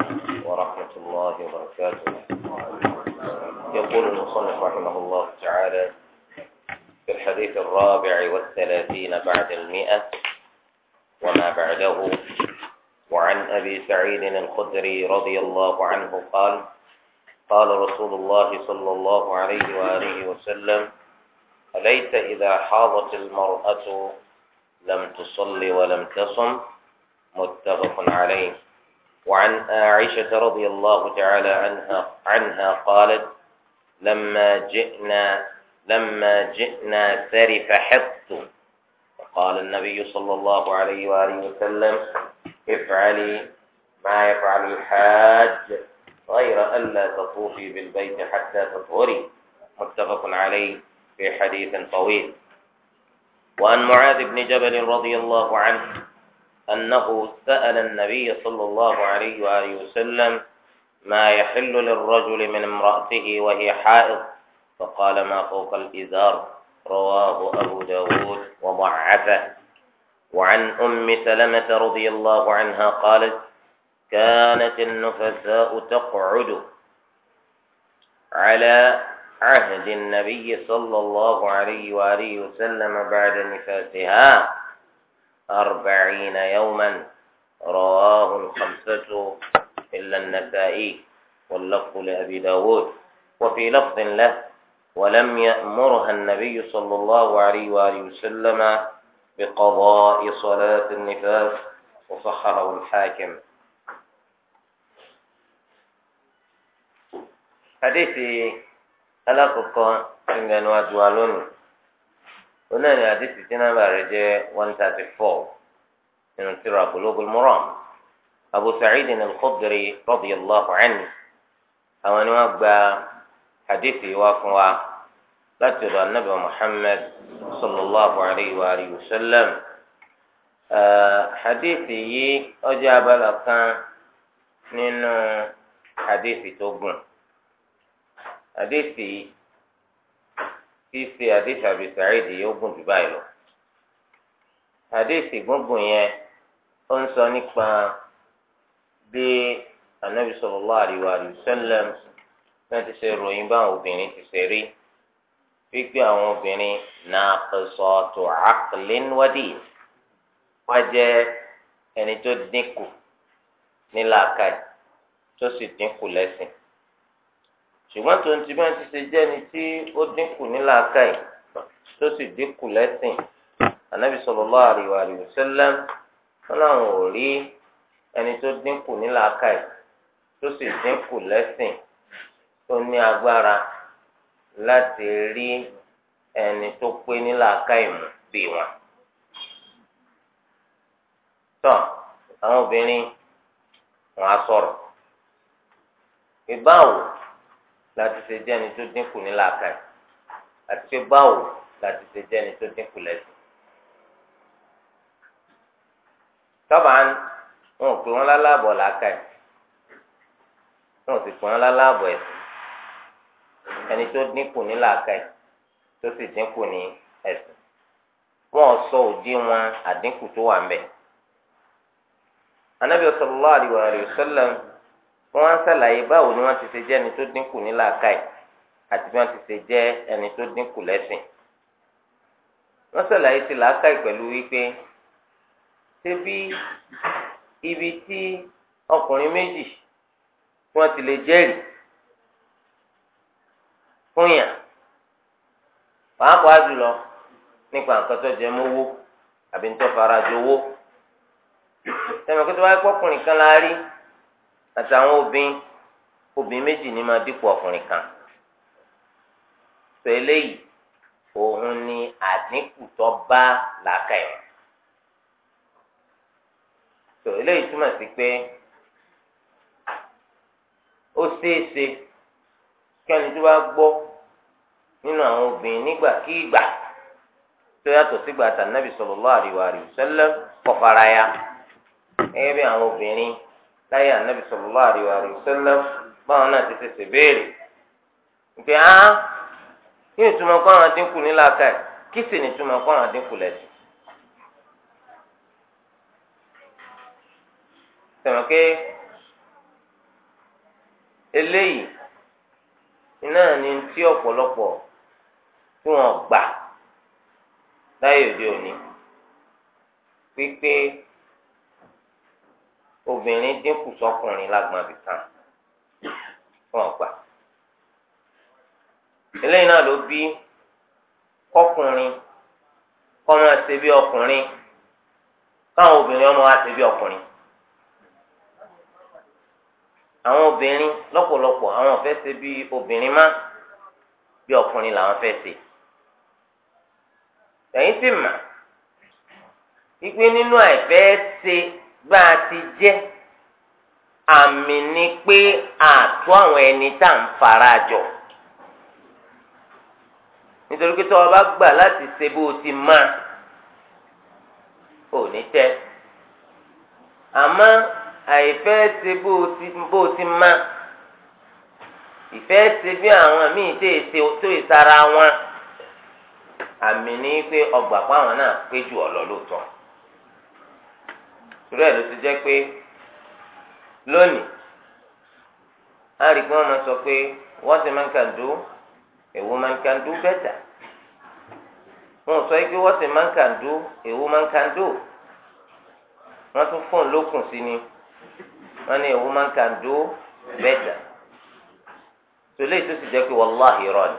عليكم ورحمة الله وبركاته يقول المصنف رحمه الله تعالى في الحديث الرابع والثلاثين بعد المئة وما بعده وعن أبي سعيد الخدري رضي الله عنه قال قال رسول الله صلى الله عليه وآله وسلم أليس إذا حاضت المرأة لم تصلي ولم تصم متفق عليه وعن عائشة رضي الله تعالى عنها عنها قالت لما جئنا لما جئنا سرف حط وقال النبي صلى الله عليه وآله وسلم افعلي ما يفعل الحاج غير ألا تطوفي بالبيت حتى تطهري متفق عليه في حديث طويل وعن معاذ بن جبل رضي الله عنه أنه سأل النبي صلى الله عليه وآله وسلم ما يحل للرجل من امرأته وهي حائض فقال ما فوق الإزار رواه أبو داود وضعفه وعن أم سلمة رضي الله عنها قالت كانت النفساء تقعد على عهد النبي صلى الله عليه وآله وسلم بعد نفاسها أربعين يوما رواه الخمسة إلا النسائي واللفظ لأبي داود وفي لفظ له ولم يأمرها النبي صلى الله عليه وآله وسلم بقضاء صلاة النفاس وصحه الحاكم حديثي ألاقكم إن أنواع جوالوني onáà ní àdìsí tí nàmbà rẹ̀ jẹ́ one thirty four nínú tírà Bulugul Maram Abu Sa'id al-Khudri radiyallahu anhu àwọn ni wọ́n gba àdìsí wa fún wa láti ọ̀dọ̀ anabi Muhammad sallallahu alayhi wa alihi wa sallam àdìsí yìí ọjọ́ abala kan nínú àdìsí tó gùn àdìsí yìí kí ṣe àdéhùn àbí sàrídìí yóò gùn jù báyìí lọ. àdéhùn gbùngbùn yẹn ó ń sọ nípa bí anabi sallallahu alaihi wa sallam náà ti ṣe ròyìn bá àwọn obìnrin ti ṣe rí wípé àwọn obìnrin naqisatu aqlin wa din wọ́n jẹ́ ẹni tó dínkù ní tó sì dínkù lẹ́sìn ṣùgbọ́n tó ń ti bá ń ti ṣe jẹ́ ni tí ó dínkù nílàáká yìí tó sì dínkù lẹ́sìn ànábì sallallahu alaihi wa sallam wọn làwọn ò rí ẹni tó dínkù nílàáká yìí tó sì dínkù lẹ́sìn tó ní agbára láti rí ẹni tó pé nílàáká yìí mú bí wọn. tọ́ àwọn obìnrin wọn á sọ̀rọ̀ ìbáwò láti ṣe jẹ́ ẹni tó dínkù ní làákàyè àti pé báwo láti ṣe jẹ́ ẹni tó dínkù lẹ́sìn. tọ́ba wọn ò pè wọ́n lálábọ̀ làákàyè wọn ò sì pè wọ́n lálábọ̀ ẹ̀sìn ẹni tó dínkù ní làákàyè tó sì dínkù ní ẹ̀sìn wọn ò sọ òdiwọ̀n àdínkù tó wà ń bẹ̀. anábìyà sallallahu alaihi wa sallam wọ́n á ṣàlàyé báwo ni wọ́n ti ṣe jẹ́ ẹni tó dínkù ní làákàyè àti bí wọ́n ti ṣe jẹ́ ẹni tó dínkù lẹ́sìn wọ́n ṣàlàyé ti làákàyè pẹ̀lú wípé ṣébí ibi tí ọkùnrin méjì tí wọ́n ti lè jẹ́rìí fún yàn pàápàá jùlọ nípa nǹkan tó jẹ mówó àbí ń farajọ owó tẹ̀mọ̀kẹ́tọ́ wáyé pọ́kùnrin kan la àtàwọn obìnrin obìnrin méjì ní máa dípò ọkùnrin kan pẹ̀lẹ́ yìí òun ni àdínkù tó bá làákà ẹ̀ tó eléyìí túmọ̀ sí pé ó ṣeéṣe kí ẹni tó bá gbọ́ nínú àwọn obìnrin nígbàkigbà tó yàtọ̀ sígbà tànàbì sallallahu alaihi wa sallam kọfaraya gẹ́gẹ́ bí àwọn obìnrin láyé ànábì sallallahu alaihi wasallam báwọn náà ti ṣẹ̀ṣẹ̀ béèrè ìpè á kí ni túmọ̀ kọ́ àwọn dínkù nílá ká ẹ̀ kí sì ni túmọ̀ kọ́ àwọn dínkù lẹ́sìn. sọ̀rọ̀ pé eléyìí iná ni tí ọ̀pọ̀lọpọ̀ tí wọ́n gbà láyé òde òní pípé obìnrin dínkù sọkùnrin lágbọn abìkan fún ọgbà eléyìí náà ló bí kọkùnrin kọmọ àti bí ọkùnrin káwọn obìnrin ọmọ àti bí ọkùnrin àwọn obìnrin lọ́pọ̀lọpọ̀ àwọn fẹ́ ṣe bí obìnrin má bí ọkùnrin làwọn fẹ́ ṣe ẹ̀yin sì mà wípé nínú àìfẹ́ ṣe bá a ti jẹ́ àmì ni pé àtú àwọn ẹni tá à ń fara jọ nítorí pé tọ́wọ́ bá gbà láti ṣe bó o ti má ò ní tẹ́ àmọ́ àìfẹ́ ṣe bó o ti má ìfẹ́ ṣe bí àwọn míì tó èsè tó ìsara wọn àmì ni pé ọgbà pa àwọn náà péjú ọ̀lọ́ lóòótọ́ ìrú ẹ̀ ló ti jẹ́ pé lónìí a rí i pé wọ́n máa sọ pé what a man can do a woman can do better wọ́n sọ pé what a man can do a woman can do wọ́n tún fóun lókun sí ni wọ́n ní a woman can do better tòlẹ́ tó sì jẹ́ pé wàláhì rọ ni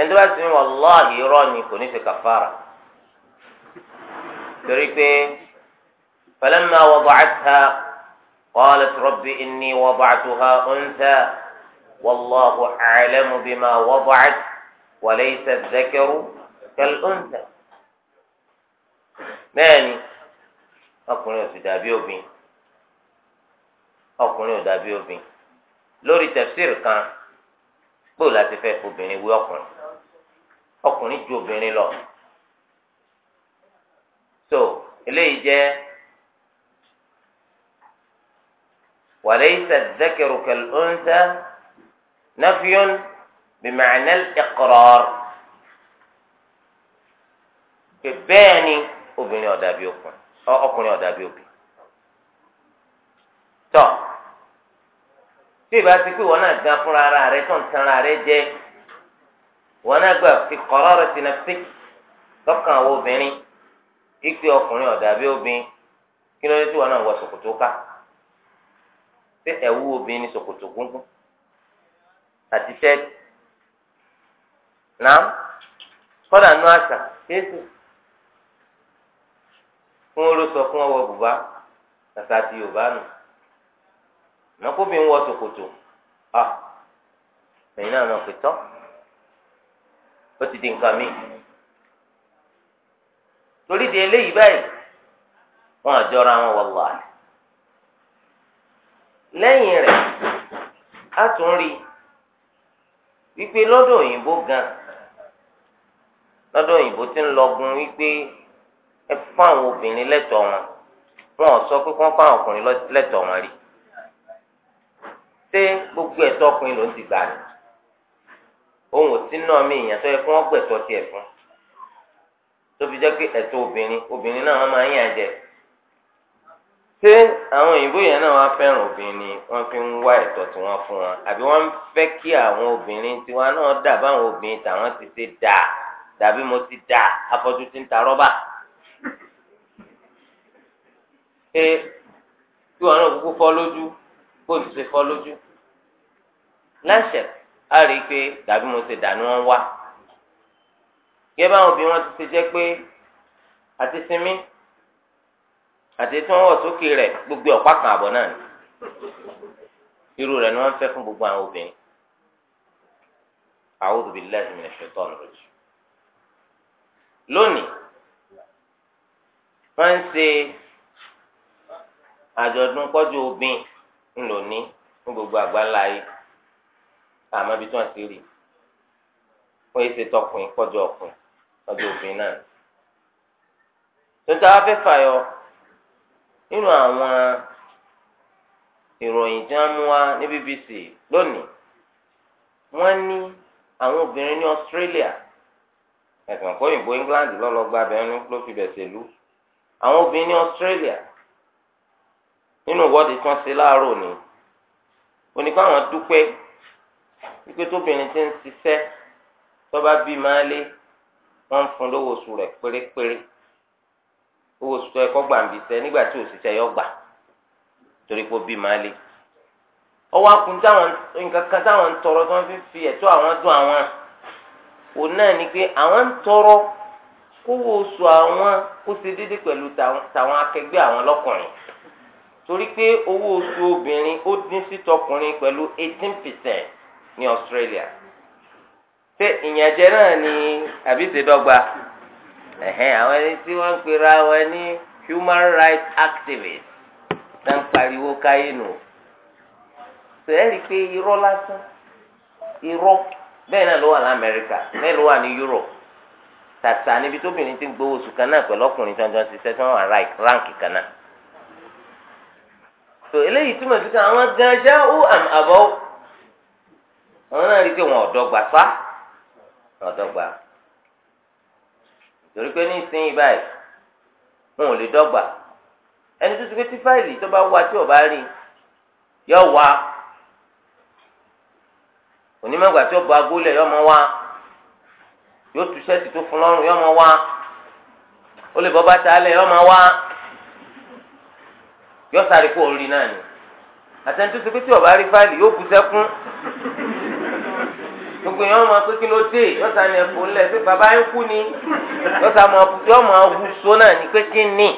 ẹni tó bá ti ní wàláhì rọ ni kò ní ṣe kàfàrà torí pé falamma wada'atha qalat rabbi inni wada'tuha untha wallahu a'lamu bima wada'at wa laysa adh-dhakaru kal-untha bẹ́ẹ̀ ni ọkùnrin ò sì dàbí obìnrin ọkùnrin ò dàbí obìnrin lórí tẹ̀síìrì kan gbòò láti fẹ́ obìnrin wí ọkùnrin ọkùnrin ju obìnrin lọ eléyìí jẹ́ wàlẹ́yìísà dẹ́kẹ̀rù kẹlẹ́ńsà nàfíọ́n bìmọ̀ọ́nẹ́l ẹ̀kọ́rọ́r pé bẹ́ẹ̀ ni obìnrin ọ̀dàbí ọkùnrin ọ̀dàbí obì tọ́ tí ìbá ti pé wọn náà gan fúnra ara rẹ tó ń tan ara rẹ jẹ wọn náà gbà fi kọ́rọ́rọ́ ti nà fi tọ́kàn àwọn obìnrin ìpè ọkùnrin ọ̀dà bí obìnrin kí ló dé tí wọn náà wọ ṣòkòtò ká pé ẹ̀wù obìnrin ni ṣòkòtò gúngún àti tẹ́ẹ̀tì náà kọ́dà nú àṣà kéésì fún wọn ló sọ fún ọwọ́ bùbá tàtà àti yorùbá nù mọ́kóbìnrin wọ ṣòkòtò à ẹ̀yin náà mọ̀ pé tọ́ ó ti di nǹkan mìíràn. torí di eléyìí báyìí wọn àjọra wọn wà wà wàlláhì lẹ́yìn rẹ̀ a tún rí wípé lọ́dọ̀ òyìnbó gan lọ́dọ̀ òyìnbó ti ń lọgun wípé ẹ fún àwọn obìnrin lẹ́tọ̀ọ́ wọn wọn ò sọ pé wọ́n fún àwọn ọkùnrin lẹ́tọ̀ọ́ wọn rí ṣé gbogbo ẹ̀tọ́ ọkùnrin ló ń ti gbà ní ohun ò sí náà mi ìyàn tó yẹ kí wọ́n gbẹ̀tọ́ tiẹ̀ fún un. tóbi jẹ́ pé ẹ̀tọ́ obìnrin obìnrin náà wọ́n máa ń yàn jẹ ṣé àwọn òyìnbó yẹn náà wọ́n fẹ́ràn obìnrin wọ́n fi ń wá ẹ̀tọ́ tí wọ́n fún wọn àbí wọ́n fẹ́ kí àwọn obìnrin tiwa náà dà báwọn obìnrin tàwọn ti ṣe dà dàbí mo ti dà afọ́jú ti ń ta rọ́bà ṣé tí wọ́n náà kúkú fọ́ lójú kó o ti ṣe fọ́ lójú láṣẹ á rí i pé dàbí mo ṣe dà ni wọ́n wá kí ẹ bá wọn bí wọn ti ṣe jẹ́ pé àti sinmi àti tí wọn wọ sókè rẹ̀ gbogbo ọ̀pá kan àbọ̀ náà irú rẹ̀ ni wọ́n fẹ́ fún gbogbo àwọn obìnrin a'udhu billahi minash shaitani rajim lónìí wọ́n ń ṣe àjọ̀dún kọ́jú obìn ńlòní fún gbogbo àgbáńlá yìí ibi tí wọ́n ti rí wọ́n yìí ṣe tọkùnrin kọ́jú ọkùnrin abẹ́ òfin náà tuntun afẹ́ fàyọ nínú àwọn ìròyìn tí wọ́n mú wá ní BBC lónìí wọ́n ní àwọn obìnrin ní Australia ẹ̀sìn kó òyìnbó England lọ́lọ́gba abẹ́rún ló fi bẹ̀sẹ̀ lú àwọn obìnrin ní Australia nínú ìwọ́de tí wọ́n ṣe láàárọ̀ ni oníkó àwọn dúpẹ́ wípé tóbìnrin ti ń ṣiṣẹ́ tó bá bí máa lé wọ́n ń fún lówó oṣù rẹ̀ pérépéré owó oṣù tó yẹ kó gbà ń bisẹ́ nígbà tí òṣìṣẹ́ yọ gbà torí pé ó bí máa le ọwọ́ akun táwọn nǹkan kan táwọn ń tọrọ tí wọ́n fi fi ẹ̀tọ́ àwọn dùn àwọn òun náà ni pé àwọn ń tọrọ kówó oṣù àwọn kó ṣe déédé pẹ̀lú tàwọn akẹgbẹ́ àwọn lọ́kùnrin torí pé owó oṣù obìnrin ó dín sí tọkùnrin pẹ̀lú eighteen percent ní Australia ṣé ìyànjẹ náà ni àbí ìṣèdọ́gba dọgba àwọn ẹni tí wọn ń pera wọn ní human rights activists náà ń pariwo káyé nù sẹ́ẹ̀rì pé irọ́ lásán irọ́ bẹ́ẹ̀ náà ló wà ní Amẹ́ríkà bẹ́ẹ̀ ló wà ní Europe tàtà níbi tóbìnrin ti ń gbowó oṣù kan náà pẹ̀lú ọkùnrin jọjọ ṣiṣẹ́ tí wọ́n wà ráǹkì kan náà tò eléyìí túmọ̀ sí pé àwọn gan ṣáà ó àbọ̀ àwọn náà rí i pé wọn ò dọ́gba sá. ọ̀dọ́gba torí pé nísìnyí báyìí wọn ò lè dọ́gba ẹni tó ti pé tí fáìlì tó bá wá tí ò bá rí yọ wá onímọ̀gbà tí ó bọ agolẹ̀ yọ mọ wá yóò tu sẹ́ẹ̀tì tó fún lọ́rùn yọ mọ wá ó lè bọ́ bàtà lẹ̀ yọ mọ wá yọ sáré kó o rí náà ni àtẹnudọ́sọ pé tí ò bá rí fáìlì yóò bu sẹ́kún gbogbo yẹn wọn máa pé kí ló dé yọta ni ẹfọ ńlẹ pé bàbá yẹn kú ni yọta máa yọ máa hu so náà ní pé kí ni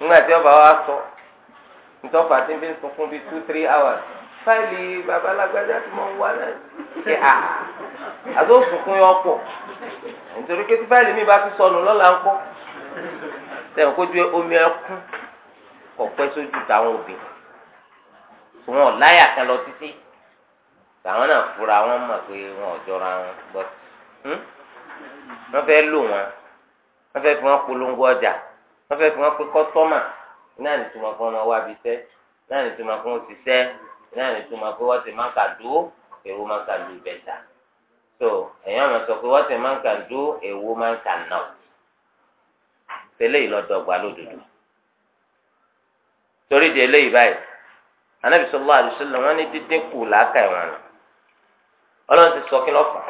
nígbà tí ọba wa sọ nítorí pàtí fi ń sunkún bíi two three hours fáìlì bàbá alágbájá tí mo ń wá náà ṣe à àti ó sunkún yọ pọ̀ nítorí pé tí fáìlì mi bá tún sọnù lọ́la ń kọ́ sẹ́yìn kó ju omi ẹkún kọ̀ pẹ́ sójú táwọn òbí wọn ò láyà kan lọ títí làwọn náà fura wọn mọ̀ pé wọn ò jọra wọn bọ́ hmm? wọ́n fẹ́ lò wọn wọ́n fẹ́ fi wọn polongo ọjà wọ́n fẹ́ fi wọn pé kọ́sọ́mà náà ní tuma fún ọmọ wa bí sẹ́ náà ní tuma fún òṣìṣẹ́ náà ní tuma pé wọ́n ti máa kà dó èrò máa kà lù bẹ̀tà so ẹ̀yin àmọ̀ sọ pé wọ́n ti máa kà dó èrò máa kà nà tẹ́lẹ̀ ìlọ́dọ̀gba lódodo torí di eléyìí báyìí anábìsọ̀lá àdìsọ́lá wọn ní dídínkù làákà ẹ̀wọ̀n náà ọlọ́run ti sọ kí ló fà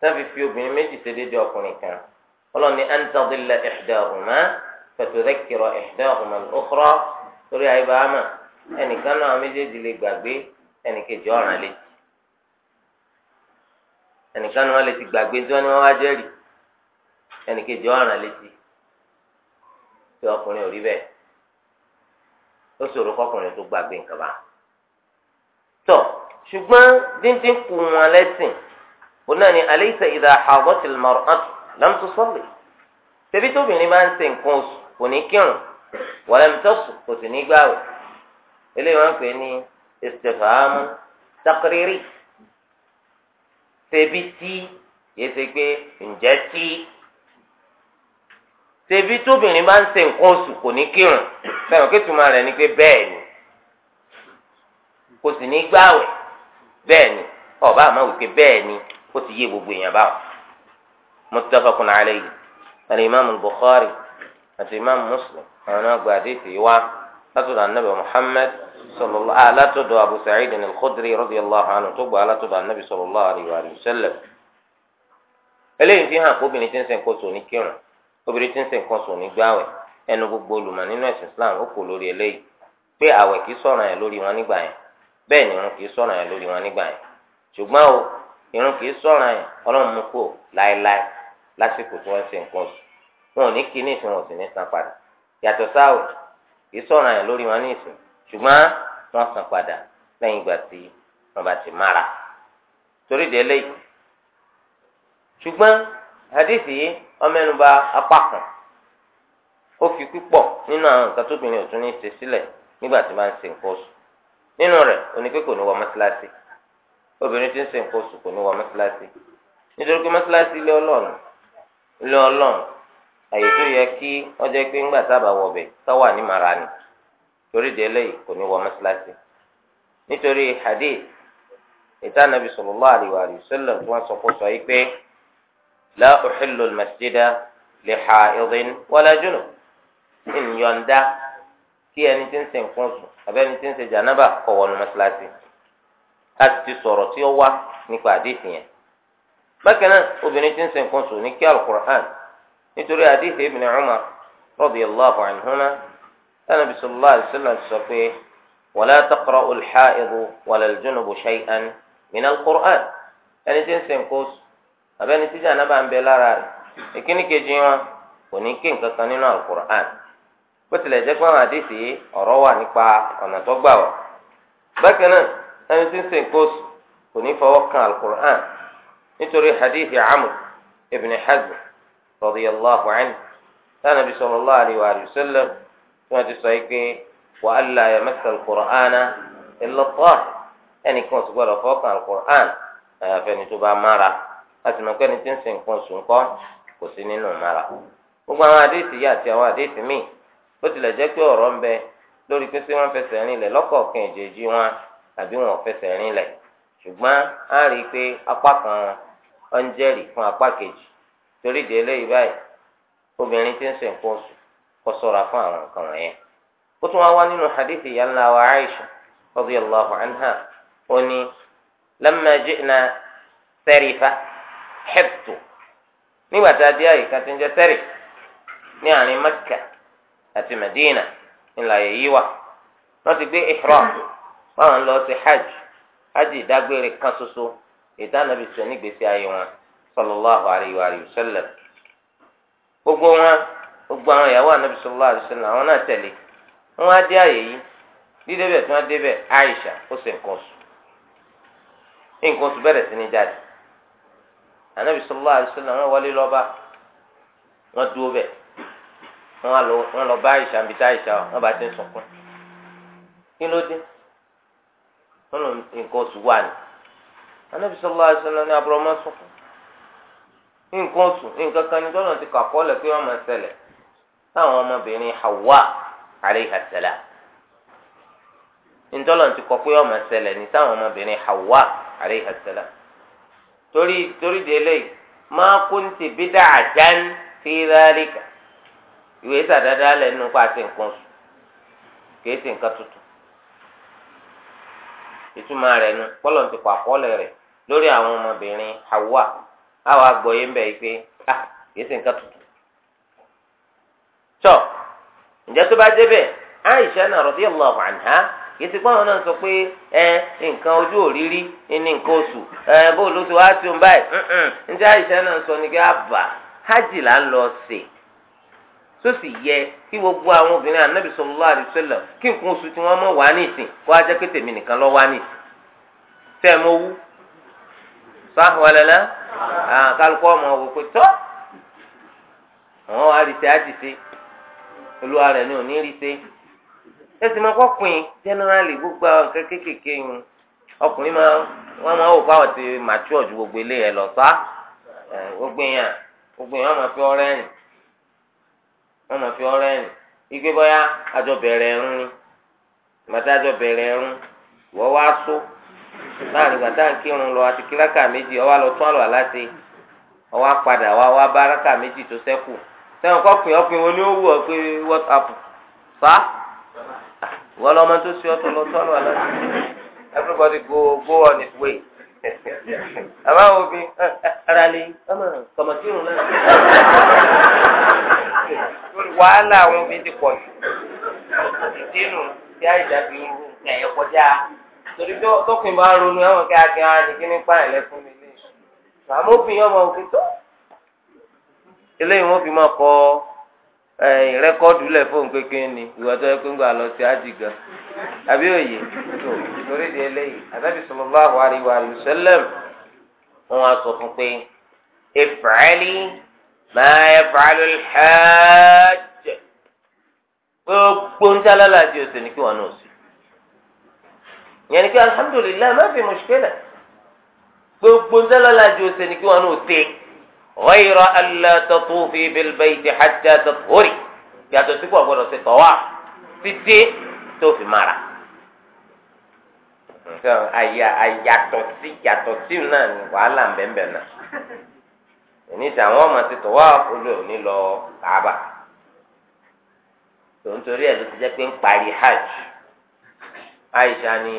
sáfi fi obìnrin méjì ṣe déédéé ọkùnrin kan ọlọ́run ní antadilla ihdahuma fatudhakkira ihdahuma al-ukhra torí àyíbáàmà ẹnìkan náà méjèèjì lè gbàgbé ẹnìkejì ọ̀ràn létí ẹnìkan náà lè ti gbàgbé tí wọ́n ní wọ́n wá jẹ́rìí ẹnìkejì ọ̀ràn létí pé ọkùnrin ò rí bẹ́ẹ̀ ó ṣòro kọkùnrin tó gbàgbé nǹkan báà ṣùgbọ́n díndín kù wọn lẹ́sìn òun náà ni alaysa idha hadatil mar'atu lam tusalli tẹbi tóbìnrin máa ń ṣe nǹkan oṣù kò ní kírun walam tasum kò sì ní gbààwẹ̀ eléyìí wọn ń pè ní istifhamu takriri tẹbi tí yẹ ṣe pé ǹjẹ́ tí tẹbi tóbìnrin bá ń ṣe nǹkan oṣù kò ní kírun fẹ́ràn kí tuma rẹ̀ ni pé bẹ́ẹ̀ ni kò sì ní gbààwẹ̀ bẹ́ẹ̀ ni ọba àmọ́ wípé bẹ́ẹ̀ ni ó ti yé gbogbo èèyàn báwọn muttafaqun alayhi al-imam al-bukhari àti imam muslim àwọn àgbà àdéhìí wá látọ̀dọ̀ anabi muhammad sallallahu alaihi látọ̀dọ̀ abu sa'id al-khudri radiyallahu anhu tó gba látọ̀dọ̀ anabi sallallahu alaihi wa sallam eléyìí fi hàn kó obìnrin tí ń sìn kóso ní kírun obìnrin tí ń sìn kóso ní gbàwẹ̀ ẹnu gbogbo olùmọ̀ nínú ẹ̀sìn islam ó kò lórí eléyìí pé àwẹ̀ kì í sọ̀ràn yẹn lórí wọn nígbà yẹn bẹ́ẹ̀ ni irun kìí sọ̀ràn yẹn lórí wọn nígbà yẹn ṣùgbọ́n o irun kìí sọ̀ràn yẹn ọlọ́run mú kó láéláé lásìkò tí wọ́n ṣe nǹkan oṣù wọn ò ní kí ní ìsìn wọn ò sì ní san padà yàtọ̀ sáwò kìí sọ̀ràn yẹn lórí wọn ní ìsìn ṣùgbọ́n wọn san padà lẹ́yìn ìgbà bá ti mára torí délé ṣùgbọ́n hadith yìí apá kan ó fi pípọ̀ nínú nínú rẹ̀ oníkẹ́ kò ní wọ mọ́sálásí obìnrin tí ń ṣe nǹkan oṣù kò ní wọ mọ́sálásí nítorí pé mọ́sálásí ilé ọlọ́run ilé ọlọ́run àyè tó yẹ kí pé sábà sáwà ní ni torí di eléyìí kò ní wọ mọ́sálásí nítorí hadith ìta tí sọ sọ yìí pé la masjida wala kí ẹni tí ń ṣe nǹkan oṣù àbí ẹni tí ń ṣe jànábà kó wọnú mọ́ṣáláṣí a sì ti sọ̀rọ̀ nnkan sùn àbẹ eni wá nípa ko ní mọṣíláṣí a ti náà obìnrin tí ń ṣe nǹkan oṣù sùn ni kí alukur'an nítorí àdéhìí Ibn Umar radiyallahu anhuma Ànábì sallallahu alaihi wasallam sọ pé wala taqra'u al-ha'idu wala al-junubu shay'an min al-Qur'an ẹni tí ń ṣe nǹkan oṣù àbí ẹni tí jànábà ń bẹ lára rẹ̀ ìkíní kejì wọn kò ní kí nǹkan kan nínú alukur'an. bó tilẹ̀ jẹ́ pé àwọn àdéhìí ọ̀rọ̀ wà nípa ọ̀nà tó gbà wọ̀ bákan náà ẹni tí ń sìn kó kò ní fọwọ́ kan alukur'an nítorí hadithi amr ibn hazm radiyallahu anhu sáà nàbí sallallahu alayhi wa sallam tí wọ́n ti sọ yìí pé wa alla yamassa alukur'ana illa at-tahir ẹnìkan sì gbọ́dọ̀ fọwọ́ kan alukur'an àyàfẹ́ni tó bá mára láti mọ̀ pé ẹni tí ń sìn kó sùn kọ́ kò sí nínú mára gbogbo àwọn àdéhìí yìí àti àwọn àdéhìí míì bó tilẹ̀ jẹ́ pé ọ̀rọ̀ ń bẹ lórí pé ṣé wọ́n fẹsẹ̀ rìn lẹ̀ lọ́kọ̀ọ̀kan wọn àbí wọn ò fẹsẹ̀ rìn lẹ̀ ṣùgbọ́n á rí i pé apá kan ń jẹ́rìí fún apá kejì torí ìdí eléyìí báyìí obìnrin ti ń ṣe nǹkan oṣù kó fún àwọn nǹkan wọ̀nyẹn ó nínú hadith ìyá ńlá wa Aisha radiyallahu anha ó ní lamma ji'na hẹ́pùtù nígbà tá a àyíká tó ń jẹ́ àti Madina ńlá yìí wà wọ́n ti gbé ihram báwọn lọ sí hajj hajj ìdágbére kan ṣoṣo ìdánabi sọ nígbèsí ayé wọn sallallahu alayhi wa sallam gbogbo wọn gbogbo àwọn ìyàwó anabi sallallahu alayhi wa sallam àwọn náà tẹ̀lé wọn á dé àyè yìí dídébẹ̀ tí wọ́n débẹ̀ Aisha ó sì nǹkan oṣù nǹkan oṣù bẹ̀rẹ̀ sí ní jáde anabi sallallahu alayhi wa sallam wọn wọlé lọ́ba wọn dúró bẹ́ẹ̀. wọn lọ wọn lọ bá na ń tá àyíṣà wọn bá ti ń sunkún kí ló dé wọn lọ nǹkan oṣù wà ní anábì sallallahu alaihi ní abúlé sunkún nǹkan oṣù nǹkan kan ní tọ́lọ̀ ti pé wọ́n máa ṣẹlẹ̀ táwọn ọmọbìnrin Hawa ti pé wọ́n máa ṣẹlẹ̀ ní táwọn ọmọbìnrin Hawa torí torí délé máa ìwé sàdáadáa adada nínú pa àti nǹkan oṣù kìí ṣe nǹkan tuntun ìtumọ̀ rẹ̀ nu kọ́lọ̀ ti pa àkọọ́lẹ̀ rẹ̀ lórí àwọn ọmọbìnrin Hawa àwọn agbọ̀yé ń bẹ̀ yìí pé ah, kìí ṣe nǹkan tuntun tọ́ ǹjẹ́ tó bá débẹ̀ náà náà sọ pé ẹ nǹkan ojú òrírí ní nǹkan oṣù ẹ bó ló ti wá sí báyìí ǹjẹ́ náà sọ ni kí là ń tó sì yẹ kí gbogbo àwọn obìnrin anabi sallallahu alaihi wasallam kí nǹkan oṣù tí wọn mọ wá ní ìsìn kó a jẹ pé tèmi nìkan lọ wá ní ìsìn tẹ ẹ mọ owó sáhùwalẹlẹ kálukọ ọmọ wò pé tọ àwọn àrìsẹ àjìsẹ olúwa rẹ ní òní rìsẹ ẹsìn máa kọkùnrin jẹnẹrálì gbogbo àwọn nǹkan kéékèèké yìí ọkùnrin máa wọn máa wò fáwọn ti màtúọ̀ ju gbogbo ilé ẹ lọ sá gbogbo èèyàn gbogbo èèyàn máa fi ọrẹ rìn. wọ́n máa fi ọ̀rẹ́ rìn ike bóyá àjọ bẹ̀rẹ̀ ẹ̀rún ni bàtà àjọ bẹ̀rẹ̀ ẹ̀rún wọ́n wá só láàrin lọ àti kíláka méjì ọwọ́ lọ tún àlọ́ àláṣe ọwọ́ padà wá wá báraka méjì tó sẹ́kù sẹ́wọ̀n wọn ni ó wù what fa wọ́n lọ́mọ tó ṣe ọtún lọ tún go on his way wàhálà àwọn obìnrin ti pọ̀ jù ìdínú tí àìjà fi ń ro ẹ̀yẹ kọjá torí tókùn bá ronú ẹ̀wọ̀n kí akin á ní kí ní pààyàn lẹ́fún mi lé àmófin ọmọ òkè tó eléyìí wọ́n fi máa kọ rẹ́kọ́ọ̀dù lẹ̀ fóun kékeré ni ìwà tó yẹ ń gbà lọ sí àjìgàn àbí òye tó di eléyìí àtàbí sallallahu alaihi wa sallam wọn máa yẹ fàálù hajj gbogbo ń tala láti ọ̀sẹ̀ ní kí wọn náà sùn yẹn ni pé alhamdulilayi má fi mùsùlùmí gbogbo ń tala láti ọ̀sẹ̀ ní kí wọn náà sè ghayra alla tatufi bil bayti hatta tathuri yàtọ̀ sí kò gbọdọ̀ sí tọ́wà títí tó fi mara nǹkan sí yàtọ̀ sí náà wàhálà ń bẹ̀ẹ̀ bẹ̀ẹ̀ náà ẹni tí àwọn ọmọ ti tọwọ́ olú ẹ̀ ní lọ kàába tó ń torí ẹ̀ ló ti jẹ́ pé ń parí hajj Aisha ni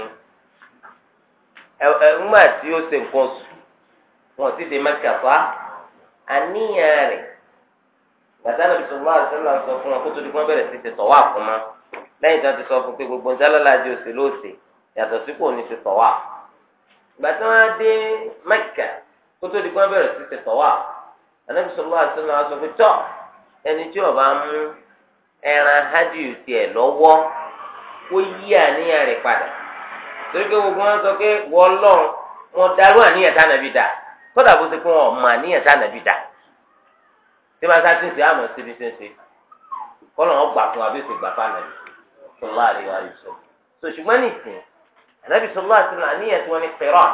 ẹ ẹ ńgbà tí ó ṣe nǹkan oṣù wọn ti dé Mẹ́kà fa àníyàn rẹ̀ gbàtà nàbì sọ̀rọ̀ àṣẹlá sọ fún wọn kó tó di fún wọn bẹ̀rẹ̀ sí ti tọ̀wọ́ àkùnmá lẹ́yìn tí wọ́n ti sọ fún pé gbogbo ń jálọ́lá òsè lóòsè yàtọ̀ sí kò ní ti tọ̀wọ́ gbàtà wọn dé Mẹ́kà kó tó di fún wọn bẹ̀rẹ̀ sí ti tọ̀wọ́ àkùnmá anabi sọlá àtúnlá aṣọ fi tọ ẹni tí ó bá mú ẹran hádìú tiẹ̀ lọ́wọ́ kó yí àníyàn rẹ̀ padà torí pé gbogbo wọn sọ pé wọ́n lọ wọn darú àníyàn tá nàbí dà kódà bó ṣe pé wọn mọ àníyàn tá nàbí dà tí wọn sáà ti ń síbi ṣe ń kọlọ wọn gbà fún wa gbà fún ànàbì sọlá àríwá yìí sọ so ṣùgbọ́n nìsín ànàbì sọlá àtúnlá àníyàn tí wọn ní fẹ́ràn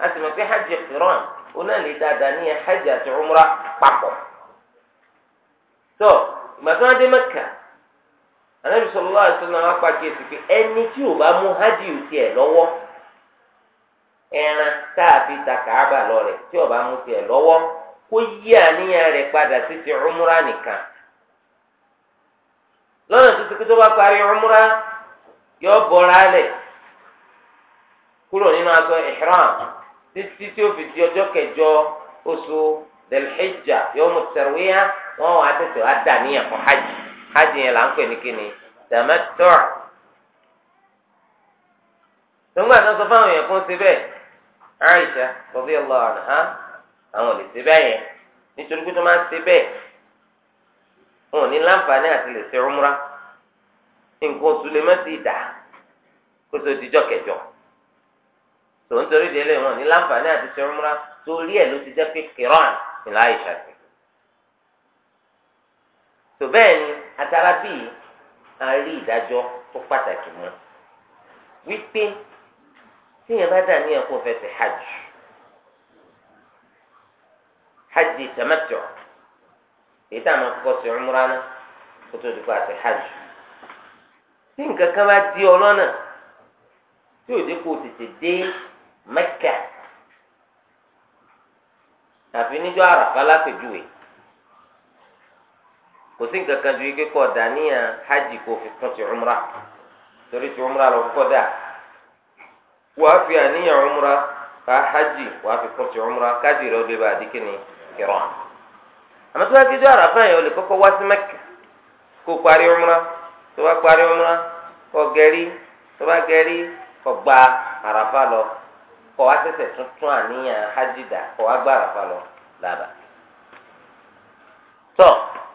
láti mọ̀ pé hajj fẹ́ràn ona lè dada ní hajj àti umra papọ̀ so gbàtí wọn dé Mẹ́kà anabi sallallahu alaihi wasallam wọn pàkíyèsí pé ẹni tí o bá mú hajj tiẹ̀ lọ́wọ́ ẹran tá a fi ta kàába lọ rẹ̀ tí ò bá mú tiẹ̀ lọ́wọ́ kó yíya àníyàn rẹ̀ padà ti umra nìkan kí tó bá umra títí tí ó fi di ọjọ́ kẹjọ oṣù delhijja yawm tarwiya wọn wà á tẹ̀sẹ̀ wá dà níyàn fún hajj hajj yẹn là ń pè ní kíni tamattu. tòǹgbà tó sọ fáwọn èèyàn kún sí bẹ́ẹ̀ Aisha radiyallahu anha àwọn ò lè yẹn nítorí pé tó máa ń ṣe wọn ò ní láǹfààní àti lè ṣe umra nǹkan oṣù lè má ti dà kó tó dijọ́ kẹjọ. tó ń torí délé wọn ní láǹfààní àti ṣe torí ẹ̀ ló ti jẹ́ pé kiran ní láì ṣàṣẹ. bẹ́ẹ̀ ni a rí ìdájọ́ tó pàtàkì mọ́ wípé tíyẹn bá dà ní ẹ̀kọ́ fẹsẹ̀ hajj hajj tamattu èyí tá a máa kọ́kọ́ ṣe náà kó tó dùkọ́ àti hajj tí nǹkan kan di ọ lọ́nà tí ò dé kó o Mekka àfi níjọ́ àràfà lápèjúwe kò sí nǹkan ju ike kọ́ dàníyàn hajj kò fi kún ti umra torí ti umra lọ kọ́ dà fi àníyàn umra ká hajj wàá fi kún ti umra káàdì rẹ̀ ó dé bá a di kíni kìrọ̀ àmọ́ tó bá kíjọ́ àràfà yẹn o lè kọ́kọ́ wá sí gba àràfà lọ. kọ wá sẹsẹ tuntun àníyàn hajjida kọ wá gbára falọ lába. tọ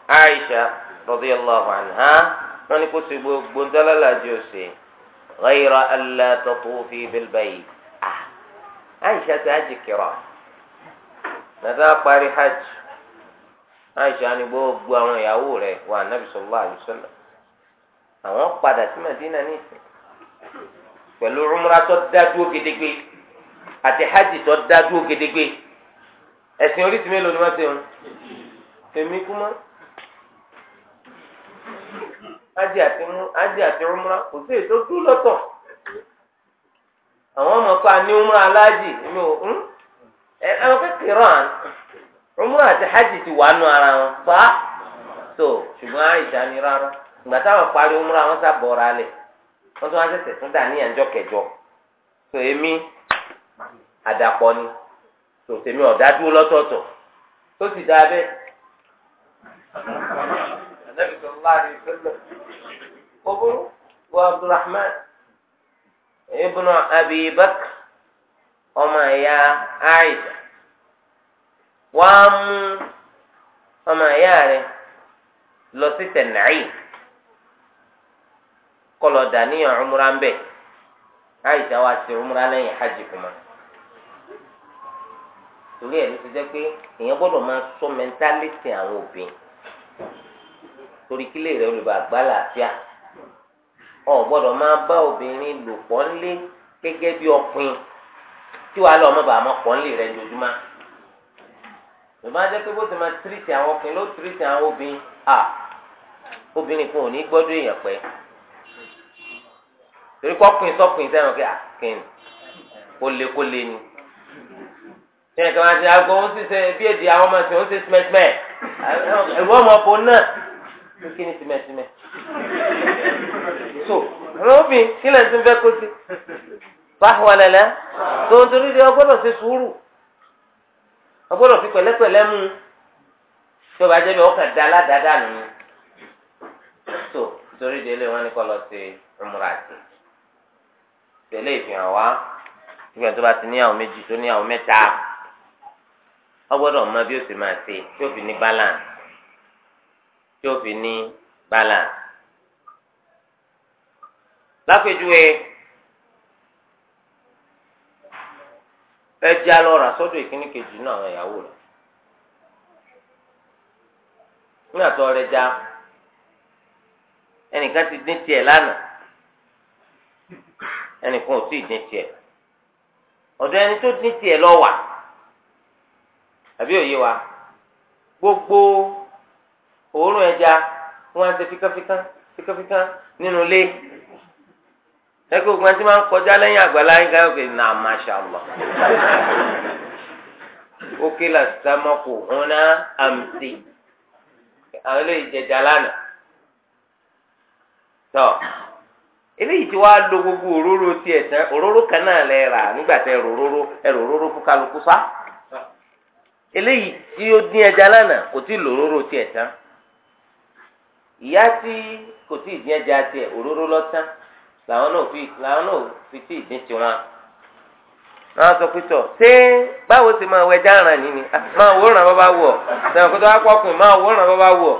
Aisha radiyallahu anha wọn ni kò sí gbogbo ntọ́lálàjì ọ̀sẹ̀ ghayra alla tatufi bil bayt ah Aisha ti hajj kira nàdá parí hajj Aisha ni gbogbo àwọn ìyàwó rẹ̀ wà nàbì sallallahu alaihi àwọn padà sí Madina ní ìsìn pẹ̀lú dá dúró gedegbe. àti hajj tó dá dúró gedegbe ẹ̀sìn oríṣi mélòó ni ti hàn èmi kú hajj àti mú hajj àti umra kò sí èso dúró lọ́tọ̀ àwọn ọmọ kọ́ àní umra aláàjì èmi ò ń hmm? ẹ umra àti hajj ti wà nù ara wọn fa so ṣùgbọ́n àìsàn ni rárá ìgbà táwọn parí umra wọn sábọ̀ tún wá àdàpọ̀ ni tòtèmi ọ̀dá dúró tó sì dáa wa Abdulrahman ibùnà Abi Bakr ọmọ ẹ̀yà Aisha wá mú ọmọ ẹ̀yà rẹ̀ lọ sí Tẹ̀nàì kọlọ̀ dàníyàn wa ti umra lẹ́yìn hajj fún torí ẹ̀ ló ti jẹ́ pé èèyàn gbọ́dọ̀ máa sọ mẹ́ńtálítì àwọn òbí torí kílè rẹ̀ olùbà gbálàáfíà ọ gbọ́dọ̀ máa bá obìnrin lò pọ̀ ńlé gẹ́gẹ́ bí ọpin tí wàá lọ ọmọ bàá mọ pọ̀ ńlé rẹ̀ lójúmọ́ lọ́mọ ajẹ́ pé bó ti máa tírìtì àwọn ọkùnrin ló tírìtì àwọn obìnrin à obìnrin kan ò ní gbọ́dọ̀ èèyàn pẹ́ torí kọ́kùnrin sọ́kùnrin sẹ́wọ̀n kí àkìn kó lé kó lé ni ní ẹ̀ka máa ti àgọ́ ó sì ṣe bí èdè àwọn ọmọ ìṣòwò ṣe tìmẹ̀tìmẹ̀ ẹ̀rú ọmọ ọ̀pọ̀ náà kí ni tìmẹ̀tìmẹ̀ so rọ́bìn kí lẹ́yìn tó ń fẹ́ kó sí báwo lẹ́lẹ́ tó ọgbọ́dọ̀ ṣe sùúrù ọgbọ́dọ̀ fi pẹ̀lẹ́pẹ̀lẹ́ mú tí o bá ọkà da aládàáda nù so torí de ilé wọn ni kọ́ lọ sí ọmọràn àti tẹ̀lé ìfihàn wa ìgbà tó bá ti níyàwó méjì tó níyàwó mẹ́ta. ọgbọ́dọ̀ mọ bí ó sì máa ṣe tí o fi ní balance tí o fi ní balance. lápèjúwe ẹ jẹ́ alọ́ rà sọ́dọ̀ ìkíní kejì náà àwọn ìyàwó rẹ̀ nígbà tó ọrẹ já ẹnìkan ti dín tiẹ̀ lánàá ẹnìkan ò tí ì dín tiẹ̀ ọ̀dọ̀ ẹni tó dín tiẹ̀ lọ wà. àbí òye gbogbo òórùn ẹja wọn ṣe fíkánfíkán fíkánfíkán nínú ilé ẹgbẹ́ gbogbo ẹni máa ń kọjá lẹ́yìn àgbàlá yín ká yọkè nà mashallah ókè làtàmọ́kù húnná àmì àwọn eléyìí jẹjà lánàá tọ́ eléyìí lo gbogbo òróró tiẹ̀ tán òróró kan náà lẹ́ nígbà tẹ́ òróró òróró eléyìí tí ó dín ẹja lánàá kò tí ì tiẹ̀ tán ìyá tí kò tí ì dín ẹja tiẹ̀ òróró lọ́tán làwọn náà fi làwọn náà fi tí ì dín tiwọn náà sọ pé tọ ṣé báwo ṣe ẹja ara ni ah, máa wò ràn bàbá wọ tó máa wò ràn wọ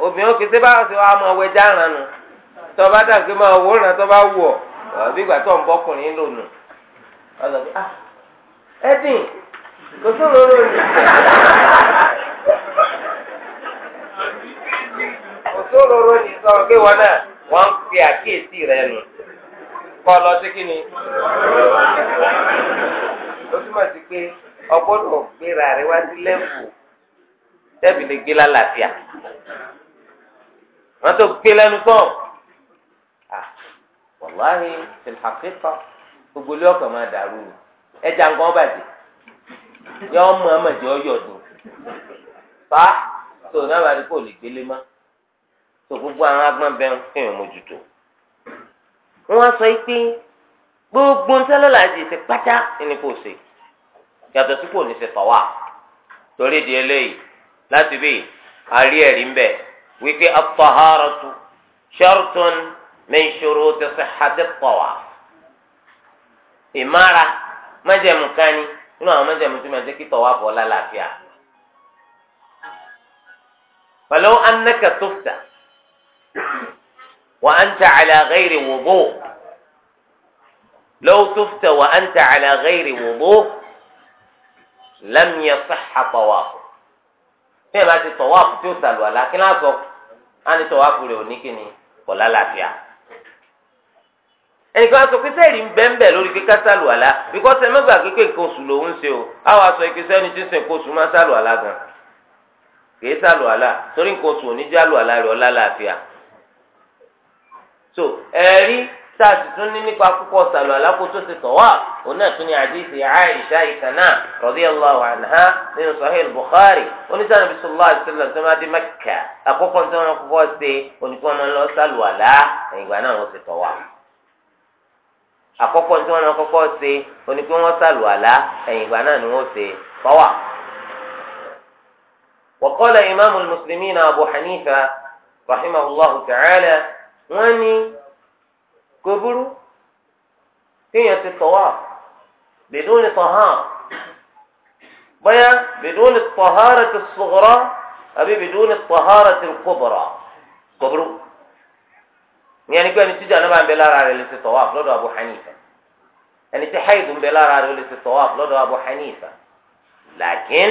obìnrin òkè ṣé báwo ṣe wàá máa wọ ẹja ara nu bá dà pé máa wò ràn bá wọ bí ìgbà tó ń bọkùnrin lò nù òtólóró ni sọ pé wọn náà wọn ń fi àkíyèsí rẹ nù kesi lọ sí kí ni ó túmọ̀ sí pé ọgbọ́dọ̀ gbéra rẹ wá sí lẹ́fù tẹ́bi lè gbé lálàáfíà wọn tó gbé lẹ́nu tán wàláhì tìlhàkìkọ yọ ọmọ ẹmẹjẹ ọyọdọ fa tó náà bá lè gbélé má tó gbogbo àwọn agbọn bẹ ń kéèyàn mójútó wọn sọ pé gbogbo ń tẹ́lẹ̀ láti ṣe pátá ẹni kò di eléyìí láti bí àrí ẹ̀rí ń bẹ wípé at-taharatu shartun min shuruti sihhati pọwà. ìmára nínú àwọn mẹjọ mẹjọ mẹjọ kí tọwọ àbọ lálàáfíà pẹ̀lú anaka tófta wà á ń ta àlàgẹ́rì wòbó lọ́wọ́ tófta wà á ń ta àlàgẹ́rì wòbó lẹ́mìíyẹ sàḥà tọwọ́ bẹ́ẹ̀ bá ti tọwọ́ àpótí òsàlùwàlá kí náà sọ á ní tọwọ́ àpòrè òní kíni kọ̀ lálàáfíà ẹnìkan sọ pé sẹ́ẹ̀rì ń bẹ́ ń bẹ̀ lórí pé ká sàlùwàlá bíkọ́sẹ̀ mẹ́gbà pípé nǹkan oṣù lòún ṣe o àwọn aṣọ ìpè sẹ́ni tí ń sìn kó oṣù máa sàlùwàlá gan kìí sàlùwàlá torí nǹkan oṣù òní jẹ́ àlùwàlá rẹ̀ ọ̀la láàfíà. so ẹ̀rí tá a sì tún ní nípa púpọ̀ sàlùwàlá kó tó ṣe tọ̀ wá òun náà tún ní àdìsí Àìṣà ìkànnà radiyallahu anha nínú Sahih Bukhari oníṣàlù bisalòlá àṣìṣẹlẹ tó máa dé Mẹ́kà àkọ́kọ́ tí wọ́n kọ́kọ́ ṣe àkọ́kọ́ tí wọ́n náà kọ́kọ́ ṣe oní pé wọ́n sàlù àlá ẹ̀yìn ìgbà náà ni wọ́n ṣe fọwà. وقال إمام المسلمين أبو حنيفة رحمه الله تعالى wọ́n ní kò burú kéèyàn ti tọwà بدون طهارة bóyá بدون الطهارة الصغرى أبي بدون الطهارة الكبرى kò burú. ìyẹn ni pé ẹni tí jànábà ń bẹ lára rẹ̀ lè ṣe tawaf lọ́dọ̀ Abu Hanifa ẹni tí haidu ń bẹ lára rẹ̀ lè ṣe tawaf lọ́dọ̀ Abu Hanifa làkín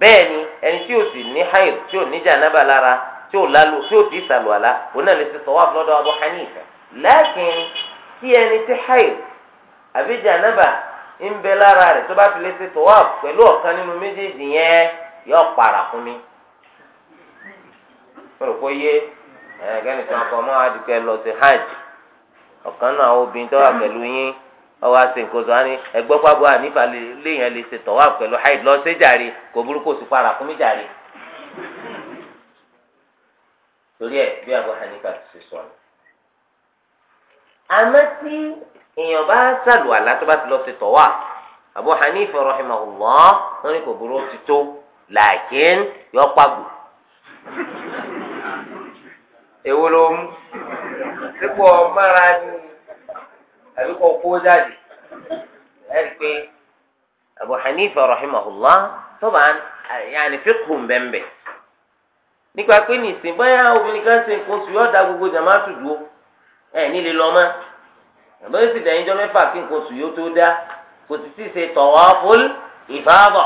bẹ́ẹ̀ ni ẹni tí ó sì ní haidu tí ó ní jànábà lára tí ó lálù tí ó ti sàlù àlá òun náà lè ṣe tawaf lọ́dọ̀ Abu Hanifa làkín tí ẹni tí haidu àbí jànábà ń bẹ lára rẹ̀ tó bá fi lè ṣe tawaf pẹ̀lú ọ̀kan nínú méjèèjì yẹn yọ Eh, ẹ kẹ́nìkan kọ́ mọ́ àdìpẹ́ lọ sí hajj ọ̀kan náà àwọn obìnrin tó pẹ̀lú wani ẹgbẹ́ pàbó ànífà lè ṣe pẹ̀lú lọ sí jàre kò burúkú para fún mi jàre. torí ẹ bí ti ṣe àmọ́ tí èèyàn bá sàlù àlá tó bá ti lọ sí Hanifa wọn ni kò burú ti tó làákín yọ èwo ló mú sípò mọ́ra ni àbí kò kó jáde ẹ̀rí pé Abu Hanifa rahimahullah tọ́ba yàní fíkùn bẹ́ẹ̀ nípa pé nìsín báyà obìnrin kan ṣe nǹkan oṣù yóò da gbogbo jàmáàtù dúró ẹ nílé lọ mọ́ àbẹ́rẹ́ sì dẹ̀yìn jọ mẹ́fà kí nǹkan oṣù yóò tó dá kò sì sí ṣe tawaful ifada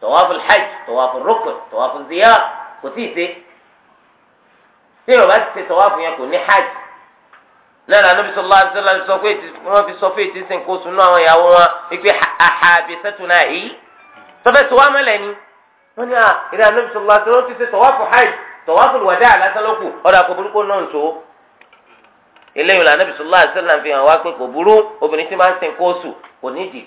tawaful hajj tawaful rukn tawaful ziyara kò sì ṣe tí yorùbá ti ṣe tọwáfù yẹn kò ní hajj náà lànà bí sọlá sọlá sọ pé wọn fi sọ pé ètí sìn kó sunú àwọn ìyàwó wọn wípé àhàbì sẹtùnà yìí tọfẹ tọwá mẹlẹ ni wọn ní à ìrìn àná bí sọlá sọlá ti ṣe tọwáfù hajj tọwáfù wàdà àlásánlókù ọdọ àpò burúkú náà ń tó eléyìí lànà bí sọlá sọlá fi hàn wá pé kò burú obìnrin tí máa ń sìn kó sù kò nídìí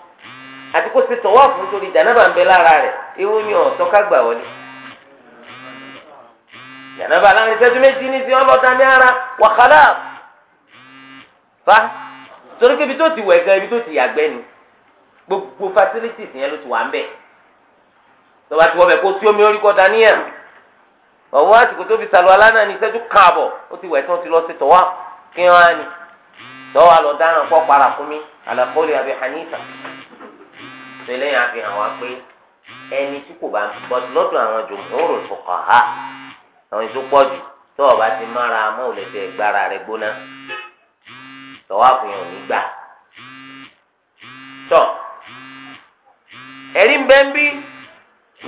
àti kó ṣe tọwọ́ fún torí jànábà ń bẹ lára rẹ̀ ewu ni ọ̀ tọ́ka gbà wọlé. jànábà láwọn ìṣẹ́jú méjì ní ti ọlọ́ta ní ara wàhálà fa torí pé ibi tó ti wẹ̀ gan ibi tó ti yàgbẹ́ ni gbogbo facilities yẹn ló ti wà ń bẹ̀ tọba ti wọ bẹ kó tí omi orí kọ daniel ọwọ àsìkò tó fi sàlù alánà ní ìṣẹ́jú káàbọ̀ ó ti wẹ̀ tí ti lọ sí tọ́wá kí wọ́n á ní tọ́wá lọ dáná kọ́ para fún mi àlàkọ́lẹ̀ àbí hanifa eléyìí á fi hàn wá pé ẹni tí kò bá lọ́dọ̀ àwọn jòmóòrò fọkàn á àwọn èso pọ̀ jù tó o bá ti mára mọ́ ò lè fẹ́ gbára rẹ gbóná tọ́wọ́ àfihàn nígbà. tọ́ ẹ̀rí ń bẹ́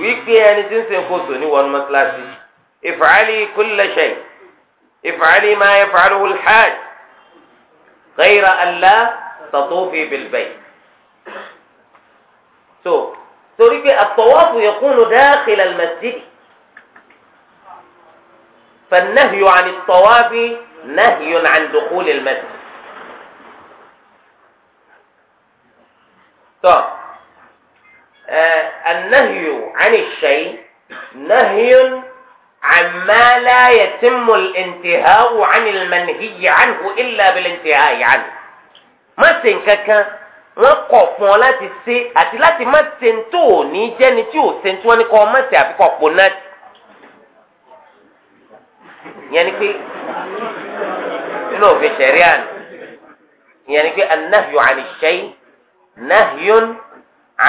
wípé ẹni tí ń sin kóso ní wọnú mọ́sálásí ìfàálì kulla ìfàálì máa yaf'aluhu al-hajj ghayra an la tatufi bil so تريد الطواف يكون داخل المسجد فالنهي عن الطواف نهي عن دخول المسجد طب آه النهي عن الشيء نهي عما لا يتم الانتهاء عن المنهي عنه إلا بالانتهاء عنه ما تنكك wọ́n kọ̀ fún ọ láti ṣe àti láti má ṣe ń tó ò ní jẹ́ ni tí ò ṣe ń tí wọ́n ní kọ́ ọ má ṣe àfikọ́ pò náà tì. ìyẹn ni pé nínú òfin ṣẹ̀ríà ni ìyẹn ni pé anáhìó àníṣẹ́yì náhìón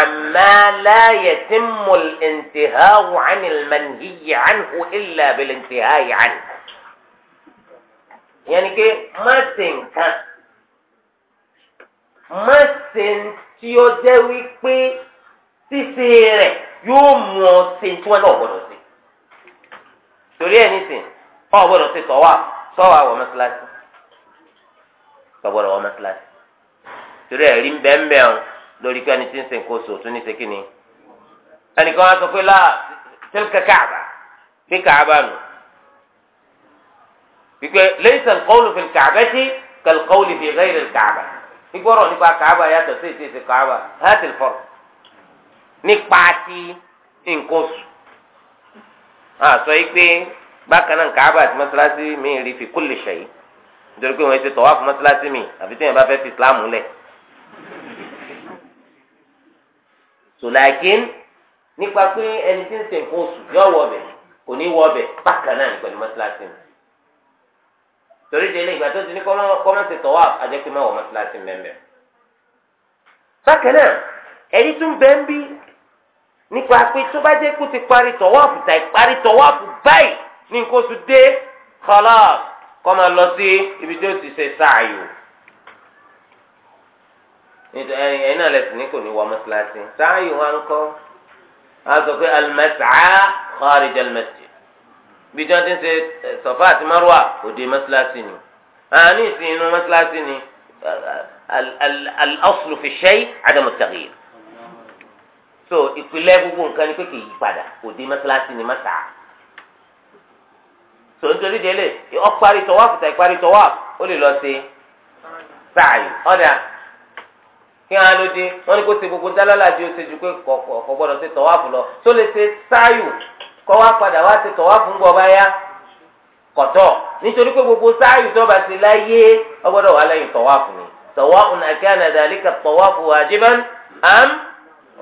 àmàláyé tí mo lè ń tè ha wò ánìlmánìyí ànìkú ìlà abẹ́lẹ̀ ń ni pé má ṣe nǹkan má ṣe tí ó jẹ́ wípé ṣíṣe rẹ̀ yóò mú ọ ṣe tí wọ́n náà gbọ́dọ̀ ṣe torí ẹ̀ nísìn ọ gbọ́dọ̀ ṣe sọ̀wá sọ̀wá wọ mọ́ṣáláṣí sọ̀gbọ́dọ̀ wọ mọ́ṣáláṣí torí ẹ̀ rí ń bẹ́ẹ̀ ń bẹ́ẹ̀ o lórí pé ẹni tí ń sìn kó so tún ní ṣe kí ni ẹnìkan á sọ pé láà tilka Kaaba bí Kaaba al-qawlu fi kabati kal-qawli fi ghayri al-Ka'bah gbígbọ́rọ̀ nípa kàába yàtọ̀ sí èsì èsì kàába láti fọ̀ nípa ti nǹkan oṣù àsọ yìí pé bákan náà kàába àti mọ́sálásí mi rí fi kulli shay nítorí pé wọ́n ti tọ̀wá fún mọ́sálásí mi àfi tí wọ́n bá fẹ́ fi islam lẹ̀. sòlákin nípa pé ẹni tí ń ṣe nǹkan oṣù yọ wọ ọbẹ̀ kò ní wọ ọbẹ̀ bákan náà ní pẹ̀lú mọ́sálásí mi torí délé ìgbà tó ti ní kọ́mẹ́sì tọ́wọ́ àjẹpẹ́ mẹ́wọ̀ mọ́sálásí mẹ́mbẹ́. bákan náà ẹ̀rí tún bẹ́ ń bí nípa pé tó bá jẹ́ kó ti parí tọ́wọ́ àfùtà ìparí tọ́wọ́ àfù báyìí ní nǹkan oṣù dé kọ́lá kọ́ máa lọ sí ibi tó ti ṣe sáàyò. ẹ̀yin náà lẹ́sìn ní kò ní wọ mọ́sálásí sáàyò wa ń kọ́ a sọ pé alimẹ́sàá kharij almasjid bí tí wọ́n ti ń ṣe sọ̀fà àti márùwà òde mọ́sálásí ni àní ìsìn inú mọ́sálásí ni al-aslu fi so ìpìlẹ̀ gbogbo nǹkan ni pé kì í padà òde mọ́sálásí ni mọ́sá so nítorí délé ọ̀parí tọ́wáfù tà ìparí tọ́wáfù ó lè lọ sí sáàyè ọ̀dà kí wọn ló dé wọn ni kó ṣe gbogbo dálálà di oṣù ju pé kò gbọdọ̀ ṣe tọ́wáfù lọ tó lè ṣe sáàyè kọwa padà wá ti tọ̀ fún bọ́ bá yá nítorí pé gbogbo sáàyù tó ti láyé ọgbọ́dọ̀ wà fún mi wajiban am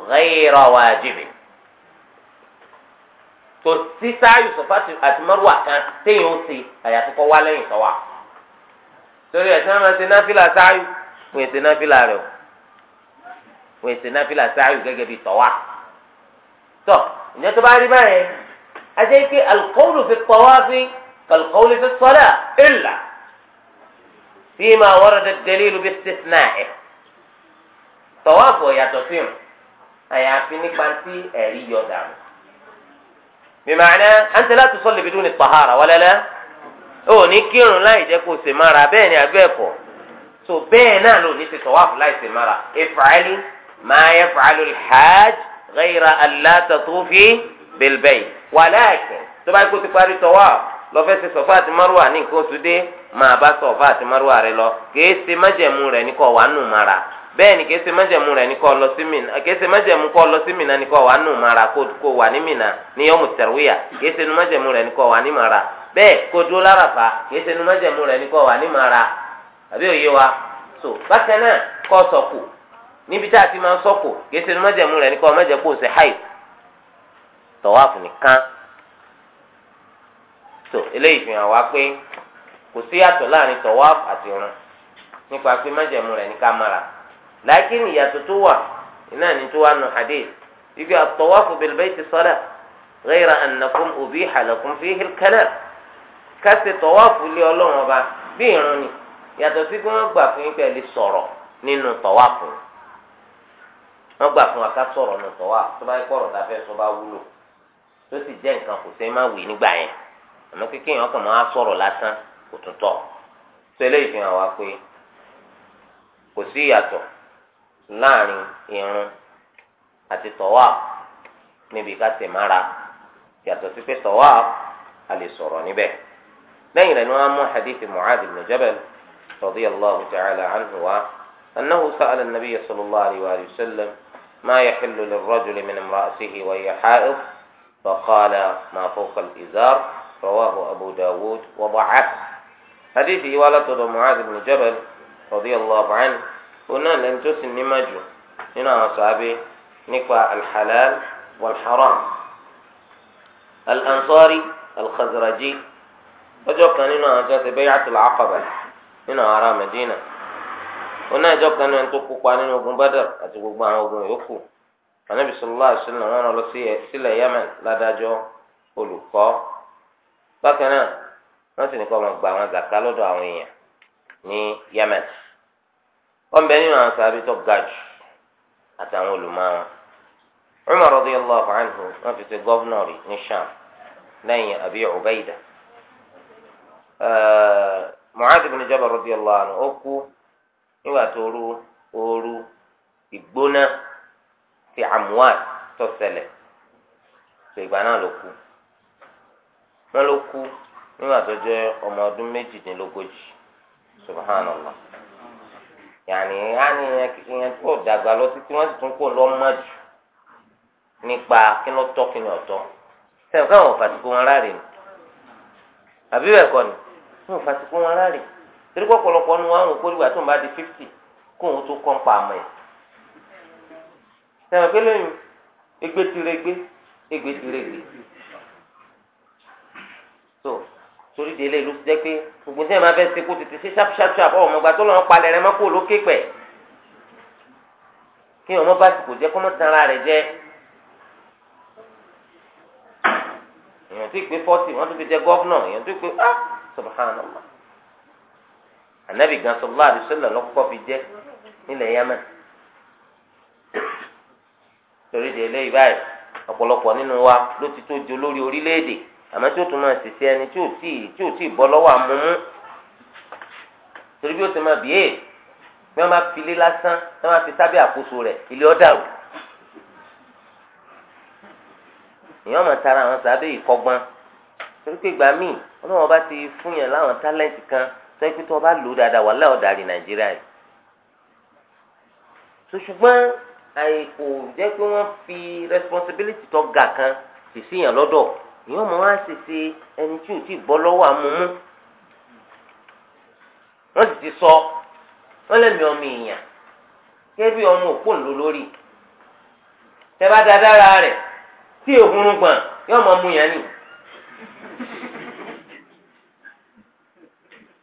ghayra wajibin kò sí sáàyù sọ̀fà àti mọ́rùwà kan téèyàn ó ṣe àyàfi kọ́ wá lẹ́yìn torí ẹ̀ sẹ́wọ́n máa rẹ̀ o gẹ́gẹ́ bí tọwa. Tọ tó bá rí báyẹn اجي القول في الطواف كالقول في الصلاة إلا فيما ورد الدليل باستثنائه طواف يا تصيم أي عفيني بانتي أريو دام بمعنى أنت لا تصلي بدون الطهارة ولا لا او نيكيون لا يجيكو سمارا بيني أبيكو سو بينا لو نيكي طواف لا يسمارا افعلي ما يفعل الحاج غير أن لا تطوفي بالبيت wàláàkì tó bá kó ti parí tọ́wọ́ lọ́fẹ́ ti sọ̀fà àti márùwà lọ ṣe májẹ̀mú ní kọ́ wàá nù mara bẹ́ẹ̀ ni kìí ṣe májẹ̀mú rẹ̀ ní kọ́ lọ sí ṣe májẹ̀mú kọ́ lọ sí mara kó wà ní ní ṣe nu májẹ̀mú rẹ̀ ní kọ́ wàá ní mara bẹ́ẹ̀ kó dúró ṣe nu májẹ̀mú rẹ̀ ní kọ́ wàá mara àbí òye so bákan náà kọ́ sọ̀kù níbi tá a nu májẹ̀mú ní kọ́ tọ̀wáàfù nìkan tó eléyìí fi hàn wá pé kò sí yàtọ̀ láàrin tọ̀wáàfù àti ìrun nípa pé májẹ̀mú rẹ̀ ní ká mara làákìní ìyàtọ̀ tó wà iná ní tó wà nù hadith ibi àtọ̀wáàfù bil bayti salat ghayra annakum ubiha lakum fihi al-kalam kásì tọ̀wáàfù lé ọlọ́run ọba bí ìrun ni yàtọ̀ sí pé wọ́n gbà fún yín pẹ̀lú sọ̀rọ̀ nínú tọ̀wáàfù wọ́n gbà fún wa ká sọ̀rọ̀ nínú tọ̀wáàfù tó bá yẹ kọ̀rọ̀ tá a fẹ́ sọ bá wúlò tó sì jẹ́ nǹkan kò sẹ́ má wí nígbà yẹn àmọ́ kékeré yẹn ọkàn máa sọ̀rọ̀ lásán kò tún tọ̀ tó eléyìí fi hàn wá pé kò sí ìyàtọ̀ láàrin irun àti tọ̀wá níbi ká tẹ̀ mára yàtọ̀ sí pé tọ̀wá a lè sọ̀rọ̀ níbẹ̀ lẹ́yìn rẹ̀ ni wọ́n á mú hadith Mu'adh ibn Jabal radiyallahu ta'ala anhu wa annahu sa'ala an sallallahu alayhi wa sallam ma yahillu lirrajuli min imra'atihi wa hiya فقال ما فوق الإزار رواه أبو داود وضعف حديث إيوالة معاذ بن جبل رضي الله عنه هنا لم تسن نمجو هنا أصحابي نكوى الحلال والحرام الأنصاري الخزرجي وجوك كان هنا أجاز بيعة العقبة هنا أرى مدينة هنا جوك أن ينتقوا قوانين وقم بدر أتقوا قوانين وقم يقوم anabi sọlá àṣìlẹ wọn lọ sílẹ̀ yemen ládájọ́ olùkọ́ bákan náà wọn sì ní kọ́ wọn gba àwọn zaka lọ́dọ̀ àwọn èèyàn ní yemen wọn bẹ nínú àwọn sábẹ tó ga jù àtàwọn olùmọ̀ràn Umar radiyallahu anhu wọn fi ṣe rí ní sham Abi Ubaida Jabal anhu ó kú nígbà tó rú ti amuwan tó ṣẹlẹ̀ tó ìgbà náà ló kú wọn ló kú nígbà tó ọmọ ọdún méjìdínlógójì subhanallah yàní àní ìyẹn tó dàgbà lọ títí wọn sì tún kó lọ mọ jù nípa kí ló tọ́ kí ni ọ̀tọ̀ sẹ́yìn káwọn ò wọn ni àbí bẹ́ẹ̀ kọ́ ni wọn ò fàtìkú wọn láre torí pọ̀pọ̀lọpọ̀ nu wọn àwọn tó ń bá di tó sẹ́wọ̀n kélé yìí egbe ti re gbé egbe ti re gbé so torí délé ló ti jẹ́ pé gbogbo sẹ́wọ̀n máa fẹ́ ṣe kó tètè ṣe ṣáfṣáfṣáf ọ̀ mọ̀gbà tó lọ́wọ́ palẹ̀ rẹ mọ́kò lókè pẹ̀ kí ọmọ bá ti kò jẹ́ kó mọ́ tan ara rẹ̀ jẹ́ èèyàn tó gbé fọ́tì wọ́n tó fi jẹ́ gọ́vnọ̀ èèyàn tó gbé ah subhanallah anabi gan sallallahu alaihi wasallam lọ́kọ́ fi jẹ́ nílẹ̀ yamani torí de eléyìí báyìí ọ̀pọ̀lọpọ̀ nínú wa ló ti tó di olórí orílẹ̀-èdè àmọ́ tí ó tún máa ṣiṣẹ́ ẹni tí ò tí ì tí ò tí ì bọ́ lọ́wọ́ àmúmú torí bí ó ti máa bìíye bí wọ́n máa filé lásán bí wọ́n máa fi sábẹ́ àkóso rẹ̀ ilé ọ̀dà rò èèyàn máa tara àwọn sábẹ́ ìkọ́gbọ́n torí pé ìgbà míì ọlọ́wọ́n bá ti fún yàn láwọn tálẹ́ǹtì kan tó yẹ pé tó o bá lò ó dáadáa wà láwọn nàìjíríà yìí ṣùgbọ́n àì kò jẹ́ pé wọ́n fi responsibility tó ga kan fèsì yàn lọ́dọ̀ ìyọ́n mọ̀ wá ṣèṣe ẹni tí ò tí ì bọ́ lọ́wọ́ àmúmú wọ́n sì ti sọ wọ́n lẹ́mìí ọmọ èèyàn kébí ọmọ òpóǹdó lórí tẹ bá da dára rẹ̀ tí èhùrùn gbọ̀n yóò mọ̀ mú yẹn nì.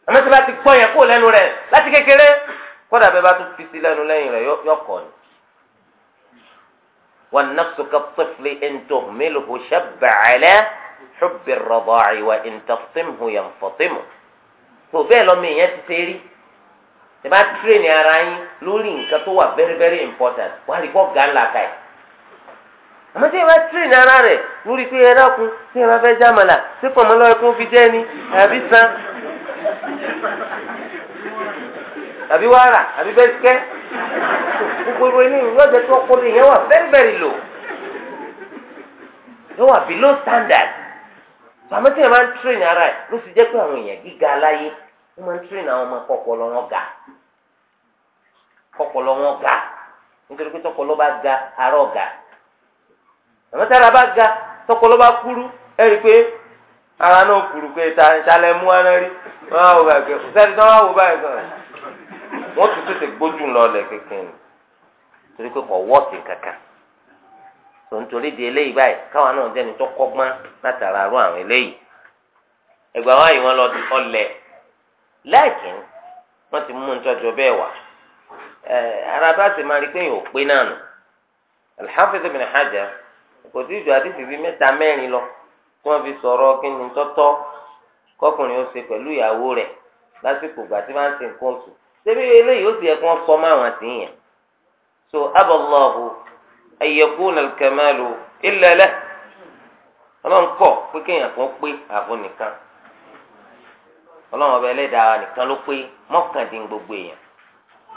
àmọ́ tí bá ti gbọ́ yẹn kó lẹ́nu rẹ̀ láti kékeré kódà bẹ́ẹ̀ bá tún fi sí lẹ́nu lẹ́yìn rẹ̀ yọkọ̀ ni. والنفس كالطفل إن تهمله شب على حب الرضاع وإن تفطمه ينفطمه tó bẹ́ẹ̀ lọ́mọ èèyàn ti ṣe rí ṣe bá tírèèni ara yín lórí nǹkan tó wà very very important wà á rí kọ́ gà ńlá ka ẹ̀ àmọ́ tí ẹ bá tírèèni ara rẹ̀ lórí pé ẹ dákun tí ẹ bá fẹ́ jámàlà ṣé pọ̀mọ́ lọ́wọ́ kó fi jẹ́ ni àbí san àbí wàrà àbí bẹ́sikẹ́. gbogbo ilé yìí yọjọ tó ọpọlọ yẹn very very low below standard màmá tí yẹn máa train ara ẹ ló sì jẹ́ pé àwọn èèyàn gíga aláyé wọ́n train àwọn ọmọ kọpọlọ wọn ga kọpọlọ wọn ga nítorí pé tọpọlọ bá ga arọ ga màmá ara bá ga tọpọlọ bá torí pé kò wọ́ọ̀tì kankan tó ń torí di eléyìí báyìí káwọn náà jẹ́ni tó kọ́gbọ́n látara arú àwọn eléyìí ẹgbẹ́ àwọn àyè wọn lọ di ọlẹ̀ lẹ́ẹ̀kín wọ́n ti mú ntọ́jọ bẹ́ẹ̀ wá ara bá ti máa rí pé yóò pé náà nù Al-Hafiz Ibn kò sí ìjọ àdìsí bíi mẹ́ta mẹ́rin lọ tí wọ́n fi sọ̀rọ̀ kí ni tọ́tọ́ kọkùnrin ó ṣe pẹ̀lú ìyàwó rẹ̀ lásìkò ìgbà tí wọ́n á ṣe nǹkan oṣù ṣébí eléyìí ó sì yẹ kí wọ́n sọ máwọn àtìyàn so abọ lọọhù ayẹkùn alkamalu ilẹlẹ Ọlọ́run kọ̀ pé kéèyàn kan pé àfún nìkan Ọlọ́run ọba Ẹlẹ́dàá nìkan ló pé mọ́kàndín èèyàn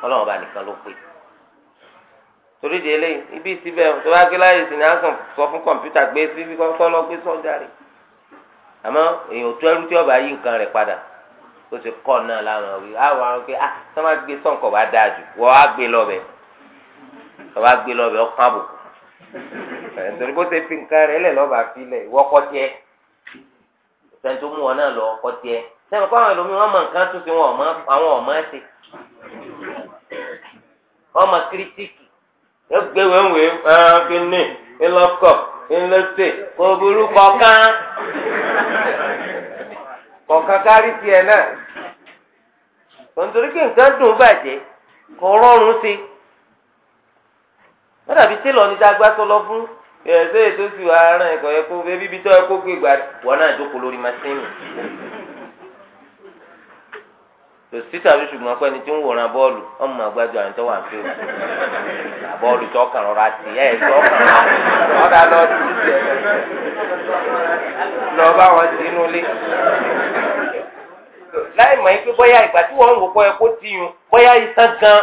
Ọlọ́run ọba nìkan ló pé torí de ibi síbẹ̀ tó bá gbé láyé sí ni a sọ fún kọ̀mpútà gbé síbi kọ́ lọ gbé sọ́jà rẹ̀ àmọ́ èèyàn tó ẹrú tí ọba yí nǹkan rẹ̀ padà ó ti kọ́ náà láwọn àwọn ọba gbé lọ bẹ ọkàn àbùkù nítorí bó ṣe fi nǹkan rẹ lẹ lọba filẹ wọkọ tiẹ sẹni tó mú wọn náà lọ ọkọ tiẹ sẹni kó àwọn ẹlòmíì wọn mọ nǹkan tó ṣe wọn ọmọ àwọn ọmọ ẹsẹ wọn mọ kírítíkì ẹ gbé wẹwẹ ẹ kí ni ńlọkọ ńlọsẹ kò burú kọkàn kọkàn kárí tiẹ náà nítorí pé nǹkan dùn bàjẹ́ kò rọrùn sí i wọ́n dàbí télọ̀ ní dágbá tó lọ fún ẹ̀ẹ́dẹ́ tó sì wà aràn ẹ̀kọ́ yẹ kó bẹ́ẹ̀ bíbí tó yẹ kó gbé gbàdé wọ́n náà jókòó lórí masínì. tòsí tàbí ṣùgbọ́n pẹ́ni tí ń wòran bọ́ọ̀lù ọmọ àgbájọ àyìn tó wà ń fèrè bọ́ọ̀lù tó kàn rọra tì ẹ̀ tó kàn rọra lọ sí ẹ̀ lọ bá wọn sí inú ilé láì mọ̀ yín pé bóyá ìgbà tí wọ́n ń wò pọ̀ ẹ̀ kó tiyùn bóyá iṣan gan.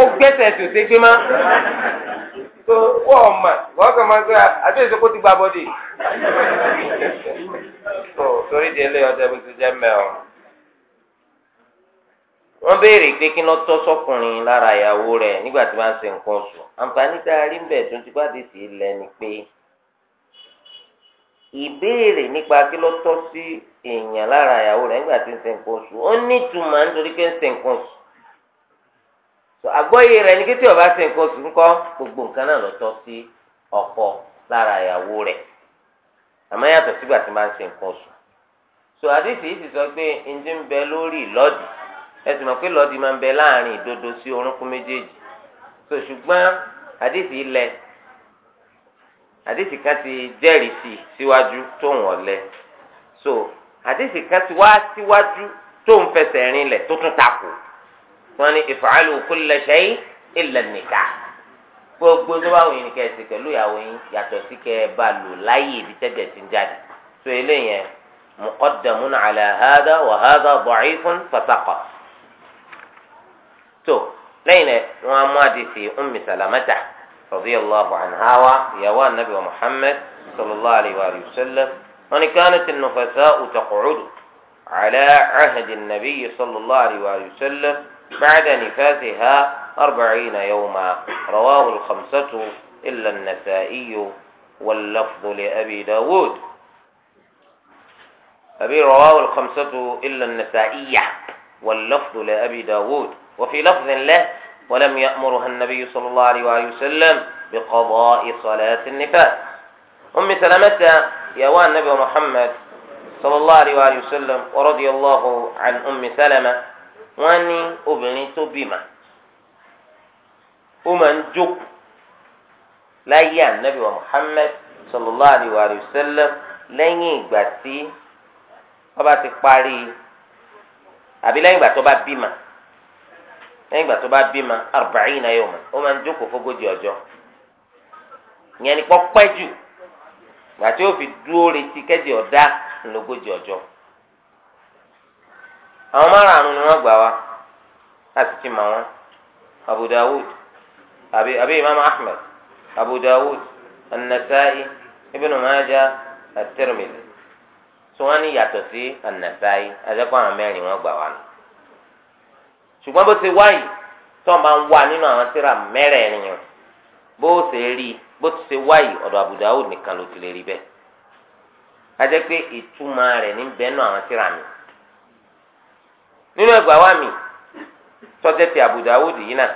ó gbẹ́sẹ̀ tó ṣe gbé má ma, wọ́n ọ̀mà wọ́n kàn máa ń gbéra àti kó ti gba bọ́dì. tó di ẹlẹ́yọ̀ ọjà bó jẹ́ mẹ́ọ̀. wọ́n béèrè pé kí wọ́n tọ́ sọ́kùnrin lára ìyàwó rẹ̀ nígbà tí wọ́n ń ṣe nǹkan oṣù àǹfààní tá a rí ń bẹ̀ tó ti bá sí ilẹ̀ ni pé ìbéèrè nípa kí ló sí èèyàn lára ìyàwó àgbọ́yé rẹ̀ ní kí tí ó bá ṣe nǹkan oṣù ńkọ́ gbogbo nǹkan náà lọ tọ́ sí ọkọ lára ìyàwó rẹ̀ àmọ́ yàtọ̀ sígbà tí máa ń ṣe nǹkan oṣù so àdìsí yìí ti sọ pé ǹjẹ́ ń bẹ lórí ìlọ́dì ẹ sì mọ̀ pé lọ́dì máa ń bẹ láàrin ìdodo sí orúnkún méjèèjì so ṣùgbọ́n àdìsí lẹ àdìsí kan ti jẹ́rìí sí i síwájú tóun ọ̀lẹ so àdìsí kan ti wá síwájú tóun fẹsẹ̀ rinlẹ̀ tó tún takò. wọ́n ní ìfàálù kulla shay ilẹ̀ nìkà gbogbo tó bá wọ̀nyí kẹ́ ẹ ti pẹ̀lú ìyàwó yín yàtọ̀ sí kẹ́ ẹ bá lò láyé ibi tẹ́jẹ̀ ti ń jáde tó eléyẹn muqaddamun àlẹ́ hàdà wa hàdà hadha fún fasaqat tó lẹ́yìn rẹ̀ wọ́n á mú àdìsí ummi salamata radiyallahu anha wa ìyàwó anabi wa muhammad sallallahu alayhi wa sallam wọ́n ní kanat an-nufasa'u taq'udu ala ahdi an-nabiy sallallahu alayhi wa sallam. بعد نفاثها أربعين يوما رواه الخمسة إلا النسائي واللفظ لأبي داود أبي رواه الخمسة إلا النسائية واللفظ لأبي داود وفي لفظ له ولم يأمرها النبي صلى الله عليه وسلم بقضاء صلاة النفاس أم سلمة يا النبي محمد صلى الله عليه وآله وسلم ورضي الله عن أم سلمة wọ́n ní obìnrin tó bímọ ó máa ń jókòó láyé ànábì wa sallallahu Alaihi wa sallam lẹ́yìn ìgbà tí wọ́n bá ti parí àbí ma ìgbà tó bá ìgbà tó bá arba'ina yawman ó máa ń jókòó fógójì ọjọ́ ìyẹn ni pọ́pẹ́ jù gbàtí ó fi dúró retí àwọn márààrún ni wọ́n gbà wá láti ti mọ̀ wọn abu dawud àbí àbí imam ahmed abu dawud anasai ibn ebe at-tirmidhi tí wọ́n ní yàtọ̀ sí anasai adẹ́kọ̀ àwọn mẹ́rin wọ́n gbà wá nù ṣùgbọ́n bó ti wáyì tó ń bá ń wà nínú àwọn tírà mẹ́rẹ̀ẹ̀rin yẹn bó rí bó ti ṣe wáyì abu dawud nìkan ló ti lè rí bẹ́ẹ̀ a pé ìtumọ̀ rẹ̀ ní bẹ́ẹ̀ nù nínú ẹgbà wa mi tọ́jẹ́ ti Abu Dawud yìí náà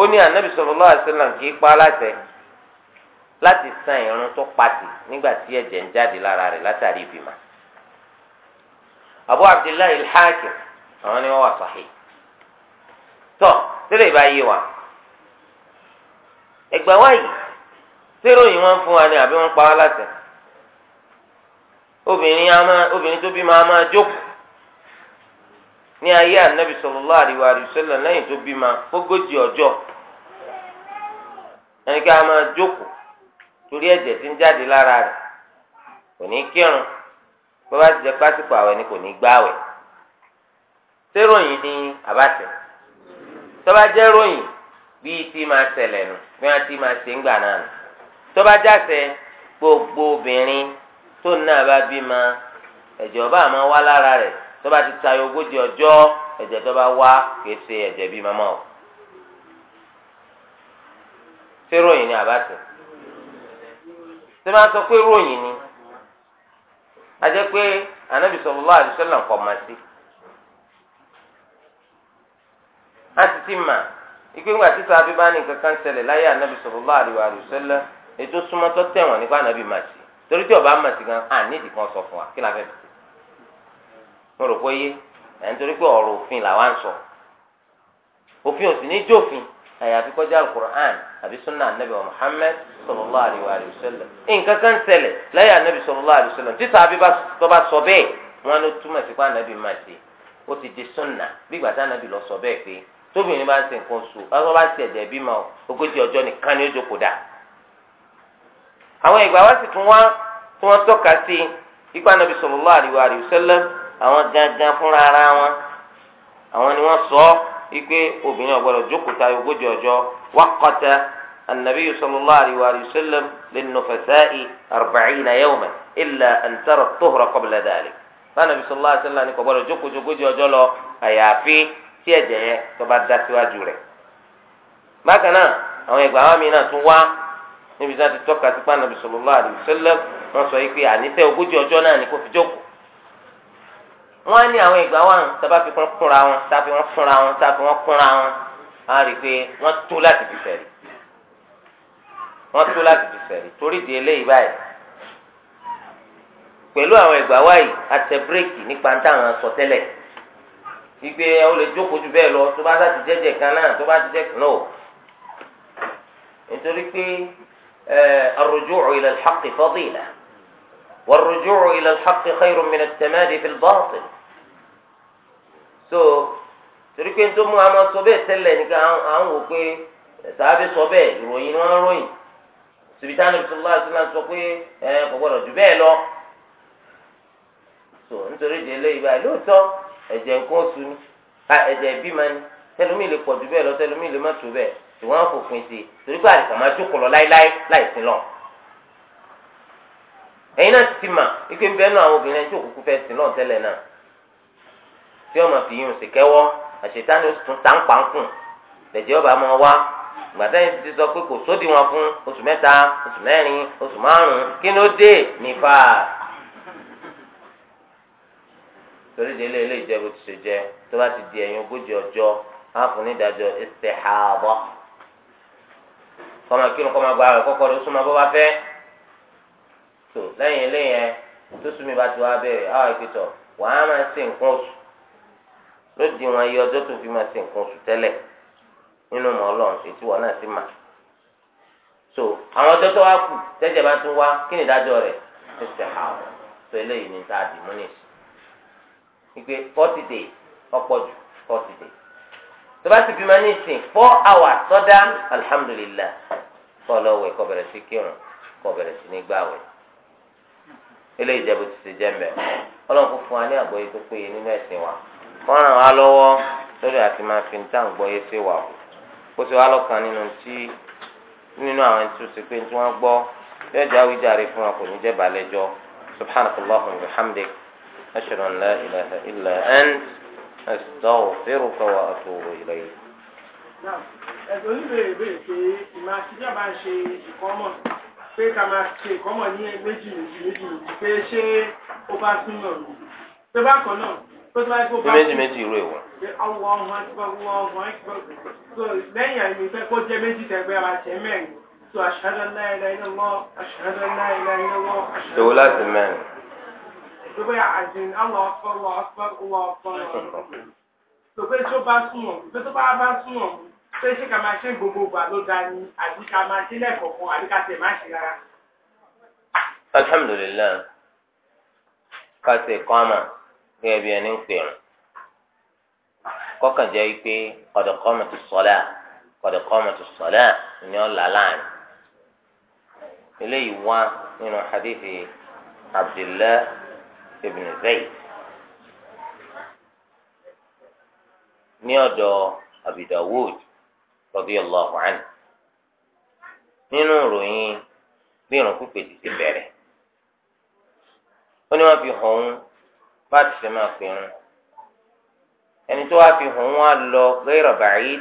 ó ní anabi sallallahu alaihi wasallam kì í pa aláṣẹ láti san irun tó pati nígbà tí ẹ̀jẹ̀ ń jáde lára rẹ̀ látàrí ìbímọ. Abu Abdullahi al àwọn ni wọ́n wà sahih. tọ́ sílẹ̀ ìbáyé wa ẹgbà wa yìí sérò yìí wọ́n fún wa ni àbí wọ́n pa wá obìnrin tó bímọ ma máa jókòó. ní ayé anabi sallallahu sọlọ wa sallam tó bímọ fógójì ẹni ká máa jókòó torí ẹjẹ tí ń jáde lára rẹ̀ kò ní kírun bó ti jẹ pásítọ̀ àwẹ̀ ni kò ní gbààwẹ̀ ní ròyìn bíi ti máa nù bí ti máa ṣe ń gbà náà nù gbogbo obìnrin tó bímọ máa wá lára tó bá ti tayọ ogójì ọjọ́ ẹ̀jẹ̀ tó bá wá kìí ṣe ẹ̀jẹ̀ bíi mama o ṣé ròyìn ni àbáṣe ṣé máa sọ pé ròyìn ni a jẹ́ pé anabi sallallahu alaihi wasallam kọ máa sí a ti ti mà ìpín ìgbà títà abíbá kankan ṣẹlẹ̀ láyé anabi sallallahu alaihi wasallam ètò súnmọ́tọ́ tẹ̀wọ̀n nípa anabi màsí torí tí ọba màsí gan-an àníìdì kan sọ fún wa kí la fẹ́ bẹ̀. mo rò pé yé ẹ̀ pé ọ̀rọ̀ òfin làwa ń sọ òfin ò sì ní jófin àyàfi kọjá alukur'an àbí sunna anabi wa muhammed sallallahu alayhi wa sallam nǹkan kan sẹlẹ lẹ́yìn anabi sọlọlọ alayhi wa títà àbí bá sọ bẹ́ẹ̀ wọn ló túmọ̀ sí pé anabi máa ṣe ó ti di sunna bí anabi lọ sọ pé bá ń ṣe nǹkan ọlọ́wọ́ bá ṣe bímọ ogójì ọjọ́ nìkan ni ó jókòó dà. anabi sọlọlọ àwọn gangan fúnra ara wọn àwọn ni wọ́n sọ wípé obìnrin ọ̀gbọ́dọ̀ jókòó tayọ ogójì ọjọ́ wákọtà النبي صلى الله عليه وآله وسلم للنفساء أربعين يوما إلا أن ترى الطهر قبل ذلك فالنبي صلى الله عليه وسلم ní kò ogójì ọjọ́ lọ àyàfi tí ẹ̀jẹ̀ yẹn tó bá síwájú rẹ̀ bákan náà àwọn ìgbà wa mìíràn tún wá níbi tí wọ́n ti tọ́ka sí pé Ànábì sallallahu wọ́n sọ yìí pé ogójì ọjọ́ náà ni kò fi jókòó wọn ní àwọn ìgbà wa sábà fi kún kúnra wọn sábà wọn kúnra wọn sábà wọn kúnra wọn á rí i pé wọn tó láti fi sẹ̀rí wọn tó láti fi sẹ̀rí torí di eléyìí báyìí pẹ̀lú àwọn ìgbà wa yìí àtẹ bírèkì nípa táwọn sọ tẹ́lẹ̀ gbígbé ó lè jókòó ju bẹ́ẹ̀ lọ tó bá láti jẹ́jẹ́ kan náà tó bá ti jẹ́ kan náà nítorí pé ar-ruju' ila al-haqqi fadila. والرجوع إلى الحق خير من التمادي في الباطل so torí pé tó mú àwọn sọ bẹ́ẹ̀ tẹ́lẹ̀ ní ká àwọn wò pé sàábẹ́ sọ bẹ́ẹ̀ ìròyìn wọn ròyìn sibítà níbi tó lọ́wọ́ sọ pé ẹ kò gbọ́dọ̀ jù bẹ́ẹ̀ lọ so nítorí ìdí eléyìí báyìí lóòótọ́ ẹ̀jẹ̀ nǹkan oṣù ni ẹ̀jẹ̀ ìbímọ ni tẹlumi lè pọ̀ jù bẹ́ẹ̀ lọ tẹlumi lè má tó bẹ́ẹ̀ tí wọ́n á fòpin sí i torí pé àìsàn máa jókòó lọ láéláé láìsí lọ́wọ́. ẹ̀yin náà ti ma ike ń bẹ́ẹ̀ náà àwọn obìnrin tí òkùnkùn fẹ́ sin náà na. náà tí ọmọ fi yín òsì kẹ́wọ́ àṣetáni tún tá ń pa ń ọba máa wá gbàtà yìí ti sọ pé kò sódì wọn fún oṣù mẹ́ta oṣù mẹ́rin oṣù márùn-ún kí ló dé nípa torí de ilé ìjẹ́ bó ti ṣe jẹ́ tó bá ti di ẹ̀yìn ogójì ọjọ́ á fún tó lẹ́yìn eléyẹn tó súnmi bá ti wá bẹ̀rẹ̀ àwọn ìpìtọ̀ wàá máa ṣe nǹkan oṣù lódì wọn iye ọjọ́ tó fi máa ṣe nǹkan oṣù tẹ́lẹ̀ nínú ọmọ ọlọ́run ètí wọn náà sì mà so àwọn ọjọ́ tó wá kù tẹ́jẹ̀ bá tún wá kí ni ìdájọ́ rẹ̀ ṣẹṣẹ àwọn tó eléyìí ní tá a dì forty day ọ̀pọ̀ jù forty day tó bá ti bímọ ní ìsìn four hours sọ́dá alhamdulillah kọ́ ọ lọ́wọ́ ẹ̀ kọ́ bẹ̀rẹ̀ sí kírun kọ́ bẹ̀rẹ̀ sí ní gbàwẹ̀. eléyìí jẹ́ ti ṣe ọlọ́run fún wa ní tó péye nínú ẹ̀sìn wa kó ràn wá lọ́wọ́ lórí àti fi níta àgbọ́yé sí wa o kó wá lọ́kàn nínú tí nínú àwọn tí ó ti pé tí wọ́n gbọ́ fún wa kò ní jẹ́ wa pé ká máa ṣe ìkọ́mọ̀ ní méjì méjì méjì méjì pé ṣé ó bá sún náà lò pé bákan náà tó tó bá kó bá méjì méjì irú ìwọ. àwọn ọmọ ẹgbẹ́ wọn ọmọ ẹgbẹ́ so lẹ́yìn àìmọ̀ ìfẹ́ kó jẹ́ méjì tẹ̀gbẹ́ ara jẹ́ mẹ́rin so àṣàdọ̀ náà ilẹ̀ ilẹ̀ wọ́n àṣàdọ̀ náà ilẹ̀ ilẹ̀ wọ́n àṣàdọ̀. ṣòwò láti mẹ́rin. tó bá àjìn àwọn ọ̀fọ̀ wọ̀ ọ̀fọ̀ wọ̀ ọ̀fọ̀ pé ṣé ká máa ṣe gbogbo ìgbà ló da ni àbí ká máa ṣe lẹ́ẹ̀kọ̀ọ̀kan àbí ká tẹ̀ máa ṣe rárá. alhamdulilayi ká ṣe kọ́mà gẹ́gẹ́ bí ẹni ń pèrò kọ́kàn jẹ́ pé kọ̀dọ̀kọ́mà ti sọ́lá kọ̀dọ̀kọ́mà ti sọ́lá ni ó là láàrin eléyìí wá nínú hadithi abdullahi ibn zayd ní ọ̀dọ̀ abidawood. radiyallahu anhu nínú ìròyìn bí irun pípé ti ṣe bẹ̀rẹ̀ ó ní wọ́n fi hàn òun bá ti ṣe máa fi irun ẹni tó wá fi hàn òun á lọ gẹ́rọ̀ báyìí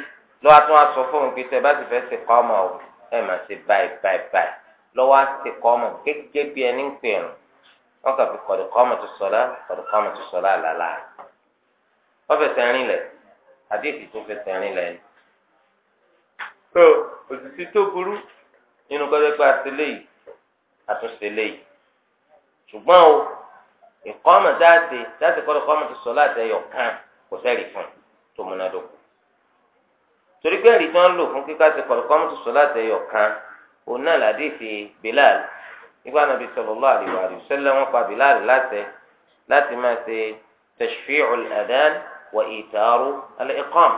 lọ́wọ́ tó wá sọ fún òun pé tẹ́ bá ti fẹ́ ṣe kọ́ ọmọ ò ẹ̀ máa ṣe báyìí báyìí tó òtítí tó burú nínú kọ́sẹ́pẹ́ àtẹlẹ́ yìí àtúnṣe lẹ́yìn ṣùgbọ́n o ìkọ́mọ̀ dáàtì dáàtì kọ́ ìkọ́mọ̀ ti sọ láti ẹyọ kan kò sẹ́rì fún tó múnádóko torí pé ẹ̀rí tí wọ́n lò fún kíkà ti kọ́ ìkọ́mọ̀ ti sọ láti ẹyọ kan òun náà làdí fi Bilal nígbà náà bí sallallahu alaihi wa sallam wọn pa Bilal láti láti máa ṣe tashfi'ul adhan wa itaru al-iqama.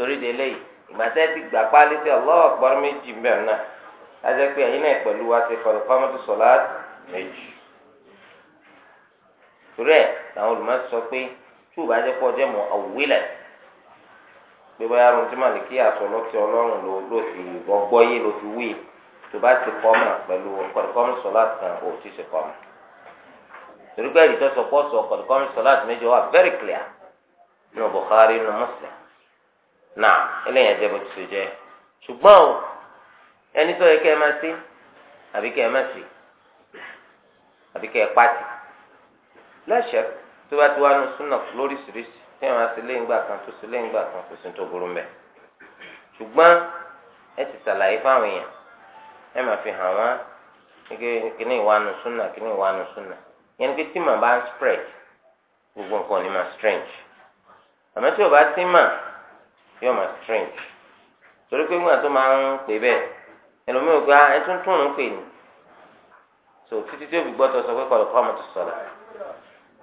torí de yìí ìgbàtẹ́ ti gbà pálí sí Allahu Akbar méjì mẹ́rin náà ajẹ́ pé ẹ̀yin náà pẹ̀lú wa ṣe fọlọ́fọ́mọ́tò sọ̀lá méjì. torí ẹ̀ làwọn olùmọ̀ọ́sọ sọ pé tí ò bá jẹ́ pọ̀ mọ́ pé tí màlì kí ọlọ́run ló fi gbọ́ yé ló fi wí tó bá ti kọ́ pẹ̀lú fọlọ́fọ́mọ́tò kan ò tí ṣe torí pé náà eléyàn jẹ́ bó ti so jẹ́ ṣùgbọ́n o ẹni tó yẹ kẹ́ ẹ máa sí àbí kẹ́ ẹ máa sí àbí kẹ́ ẹ pàtì lẹ́sẹ̀ tó bá ti wá nu súnà lóríṣiríṣi tí ẹ máa sí lẹ́yìn gbà kan tó sí kan kò sí tó burú ẹ ti ṣàlàyé fáwọn èèyàn ẹ máa fi hàn kíní spread gbogbo nǹkan ni màá strange àmọ́ tí o bá yóò máa strength torí pé ńgbà tó máa ń pè bẹ́ẹ̀ ẹlòmíràn gba ah, ẹtún tún ń pè ní so títí tí òbí gbọ́tọ̀ sọ pé kọ́ ọ̀kọ́ ọmọ tó sọ̀rọ̀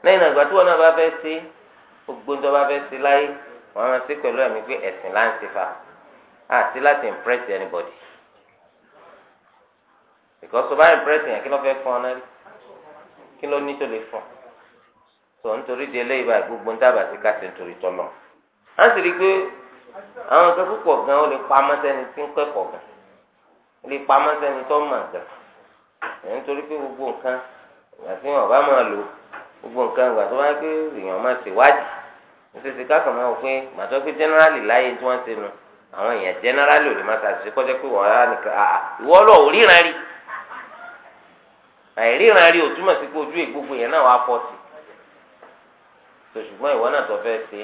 lẹ́yìn àgbà tí wọn náà bá fẹ́ ṣe gbogbo ń tó bá fẹ́ ṣe láyé wọn máa ṣe pẹ̀lú ẹ̀mí pé ẹ̀sìn là ń ṣe fa àti láti impress anybody because tó bá impress yẹn kí ló fẹ́ fún ọ náà rí kí ló ní tó lè fún so nítorí délé ìbá gbogbo ń dábàá sí ká ṣe nítorí tọ́lọ́ á sì rí i pé àwọn nǹkan púpọ̀ gan ó lè pamọ́ sẹ́ni tí ń kẹ́kọ̀ọ́ gan o lè pa sẹ́ni tó mọ̀ gan ẹ̀ ń torí pé gbogbo nǹkan ìgbà tí wọn bá máa lò gbogbo nǹkan ìgbà tó wáyé pé èèyàn máa ṣèwádìí nítorí kákan máa wọ pé màtọ́ pé jẹ́nẹ́rálì láyé tí wọ́n ti nu àwọn èèyàn jẹ́nẹ́rálì ò lè máa ṣàṣìṣe kọ́jọ́ pé wọ́n nìkan ìwọ́ lọ ò ríran rí rí ò túmọ̀ sí pé ojú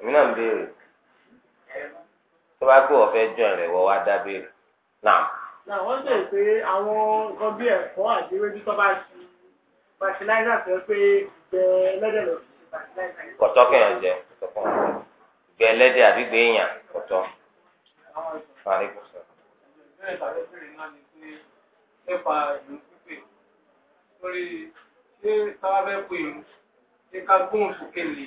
èmi náà ń béèrè tó bá kó ọ̀fẹ́ jọ rẹ̀ wọ́n wá dá béèrè náà. náà wọ́n bèèrè pé àwọn nǹkan bí ẹ̀fọ́ àti ewédú tó bá ṣe fàṣíláìsà sọ pé gbẹ ẹlẹ́dẹ̀ lọ sí fàṣíláìsà. kọ̀tọ́ kẹ̀yàn jẹ kọ̀tọ́ kẹ̀yàn jẹ gbẹ ẹlẹ́dẹ̀ àbí gbẹ èèyàn kọ̀tọ́. nípa ìlú pípé lórí ṣé táwa fẹ́ pè é ṣé ká gbóhùn sókè lè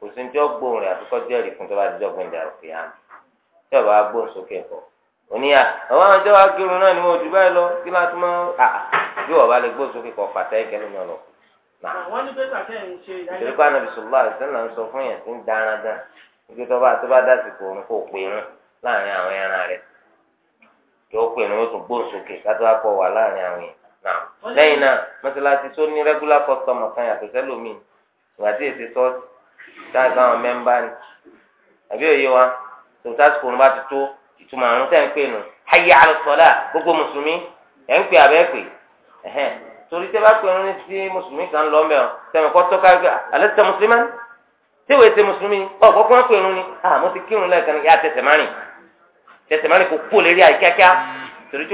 kò sí ní tí ó gbóhùn rẹ̀ àti kọjá ẹ̀rí fún tó bá dijọ́ gbẹ̀ndẹ̀ àròkè yá mi tí ọba gbóhùn sókè kọ̀ oníyà àwọn àwọn ìjọba kírun náà ni wọn ò jù báyìí lọ kí láti mọ bí wọn bá lè gbóhùn sókè kọ̀ fàtẹ́ ìkẹlẹ́ náà lọ. àwọn ní pẹ́sà kẹ́ ń ṣe ìdájọ́. ìṣèlú kan náà bisimilá ìṣẹ́nà ń sọ fún yẹn tí ń dáná dán ibi tó bá tó bá dásìkò òun kò pè ń láàrin àwọn ẹran rẹ̀ yóò pè ń wọ́n tún gbóhùn sókè kátó wá pọ̀ wà láàrin àwọn yẹn náà lẹ́yìn náà mọ́tíláṣí tó ní rẹ́gúlá kọ́sítọ́mù kan yàtọ̀ sẹ́lómi ìgbà tí èsì sọ́ọ̀tì táyì sáwọn mẹ́mbà ni àbí òye wa tòótá sùkò bá ti tó ìtumọ̀ àrùn tẹ̀ ń pè nù ayé alùsọ̀lá gbogbo mùsùlùmí ẹ̀ ń pè abẹ́ pè ẹ̀hẹ́n torí tẹ́ bá pè sí mùsùlùmí kan lọ́ tẹ̀mí kọ́ tó ká mùsùlùmí ni tíwèé ṣe mùsùlùmí ni ọ̀gbọ́n kí wọ́n pè ní àmọ́ ah, ti kírun lẹ́ẹ̀kan yá márìn márìn kò kú torí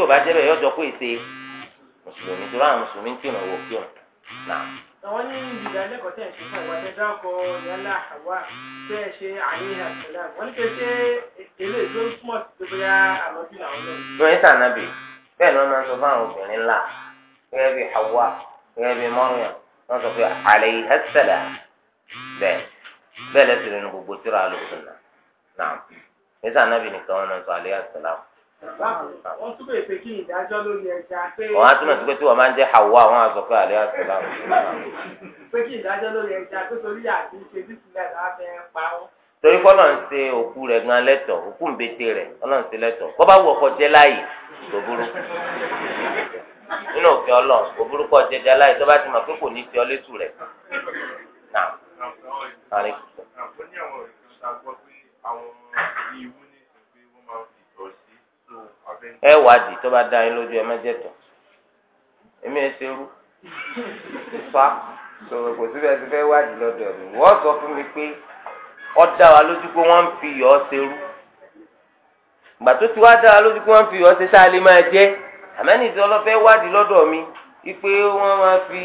tí ò àwọn ní ìdánilẹ́kọ̀ọ́ tẹ̀ ń ṣe fún ìwà tẹ́jọ́ kọ yálà àwa tẹ́ ẹ ṣe àyíhà ìṣẹ̀lá wọ́n ní kí ẹ ṣe èlé tó ń túmọ̀ sí pé bóyá àlọ́jú làwọn náà. lóyún sànàbì bẹ́ẹ̀ ni wọ́n máa ń sọ fún àwọn obìnrin ńlá gẹ́gẹ́ bí hawa gẹ́gẹ́ bí mọ́rìyàn wọ́n sọ pé àlẹ́yìn ẹ̀sẹ̀lá bẹ́ẹ̀ bẹ́ẹ̀ lẹ́sìn nínú gbogbo tíra alùpùpù náà náà ní sànàbì nìkan wọ́n máa ń sọ àlẹ́yìn ẹ̀sẹ̀lá wọ́n túbọ̀ èpè ìdájọ́ ẹja á túmọ̀ sí pé tí wọ́n máa ń jẹ́ Hawa àwọn àzọ̀kọ́ àlẹ́ àṣọlá. ìdájọ́ lórí ẹja torí àti ṣe ṣe òkú rẹ̀ gan lẹ́tọ̀ òkú ńbẹ́tẹ̀ rẹ̀ ṣe lẹ́tọ̀ kọ́ bá wù ọkọ̀ jẹ́ láàyè tó burú. nínú òfin kò kọ́ jẹ́ jẹ́ láàyè tó bá ti mọ̀ pé kò ní ẹ wádìí tó bá dá yín lójú ẹ má jẹ tọ èmi ẹ ṣerú fa sọ̀rọ̀ kò síbẹ̀ ti fẹ́ wádìí lọ́dọ̀ mi wọ́n sọ fún mi pé ọ dá wa lójú pé wọ́n ń fi yọ̀ ọ́ ṣerú gbà tó ti wá dá wa lójú pé wọ́n ń fi yọ̀ ọ́ ṣe sáà lè máa jẹ́ àmẹ́ni tí ọlọ́fẹ́ wádìí lọ́dọ̀ mi wípé wọ́n máa fi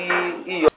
iyọ̀.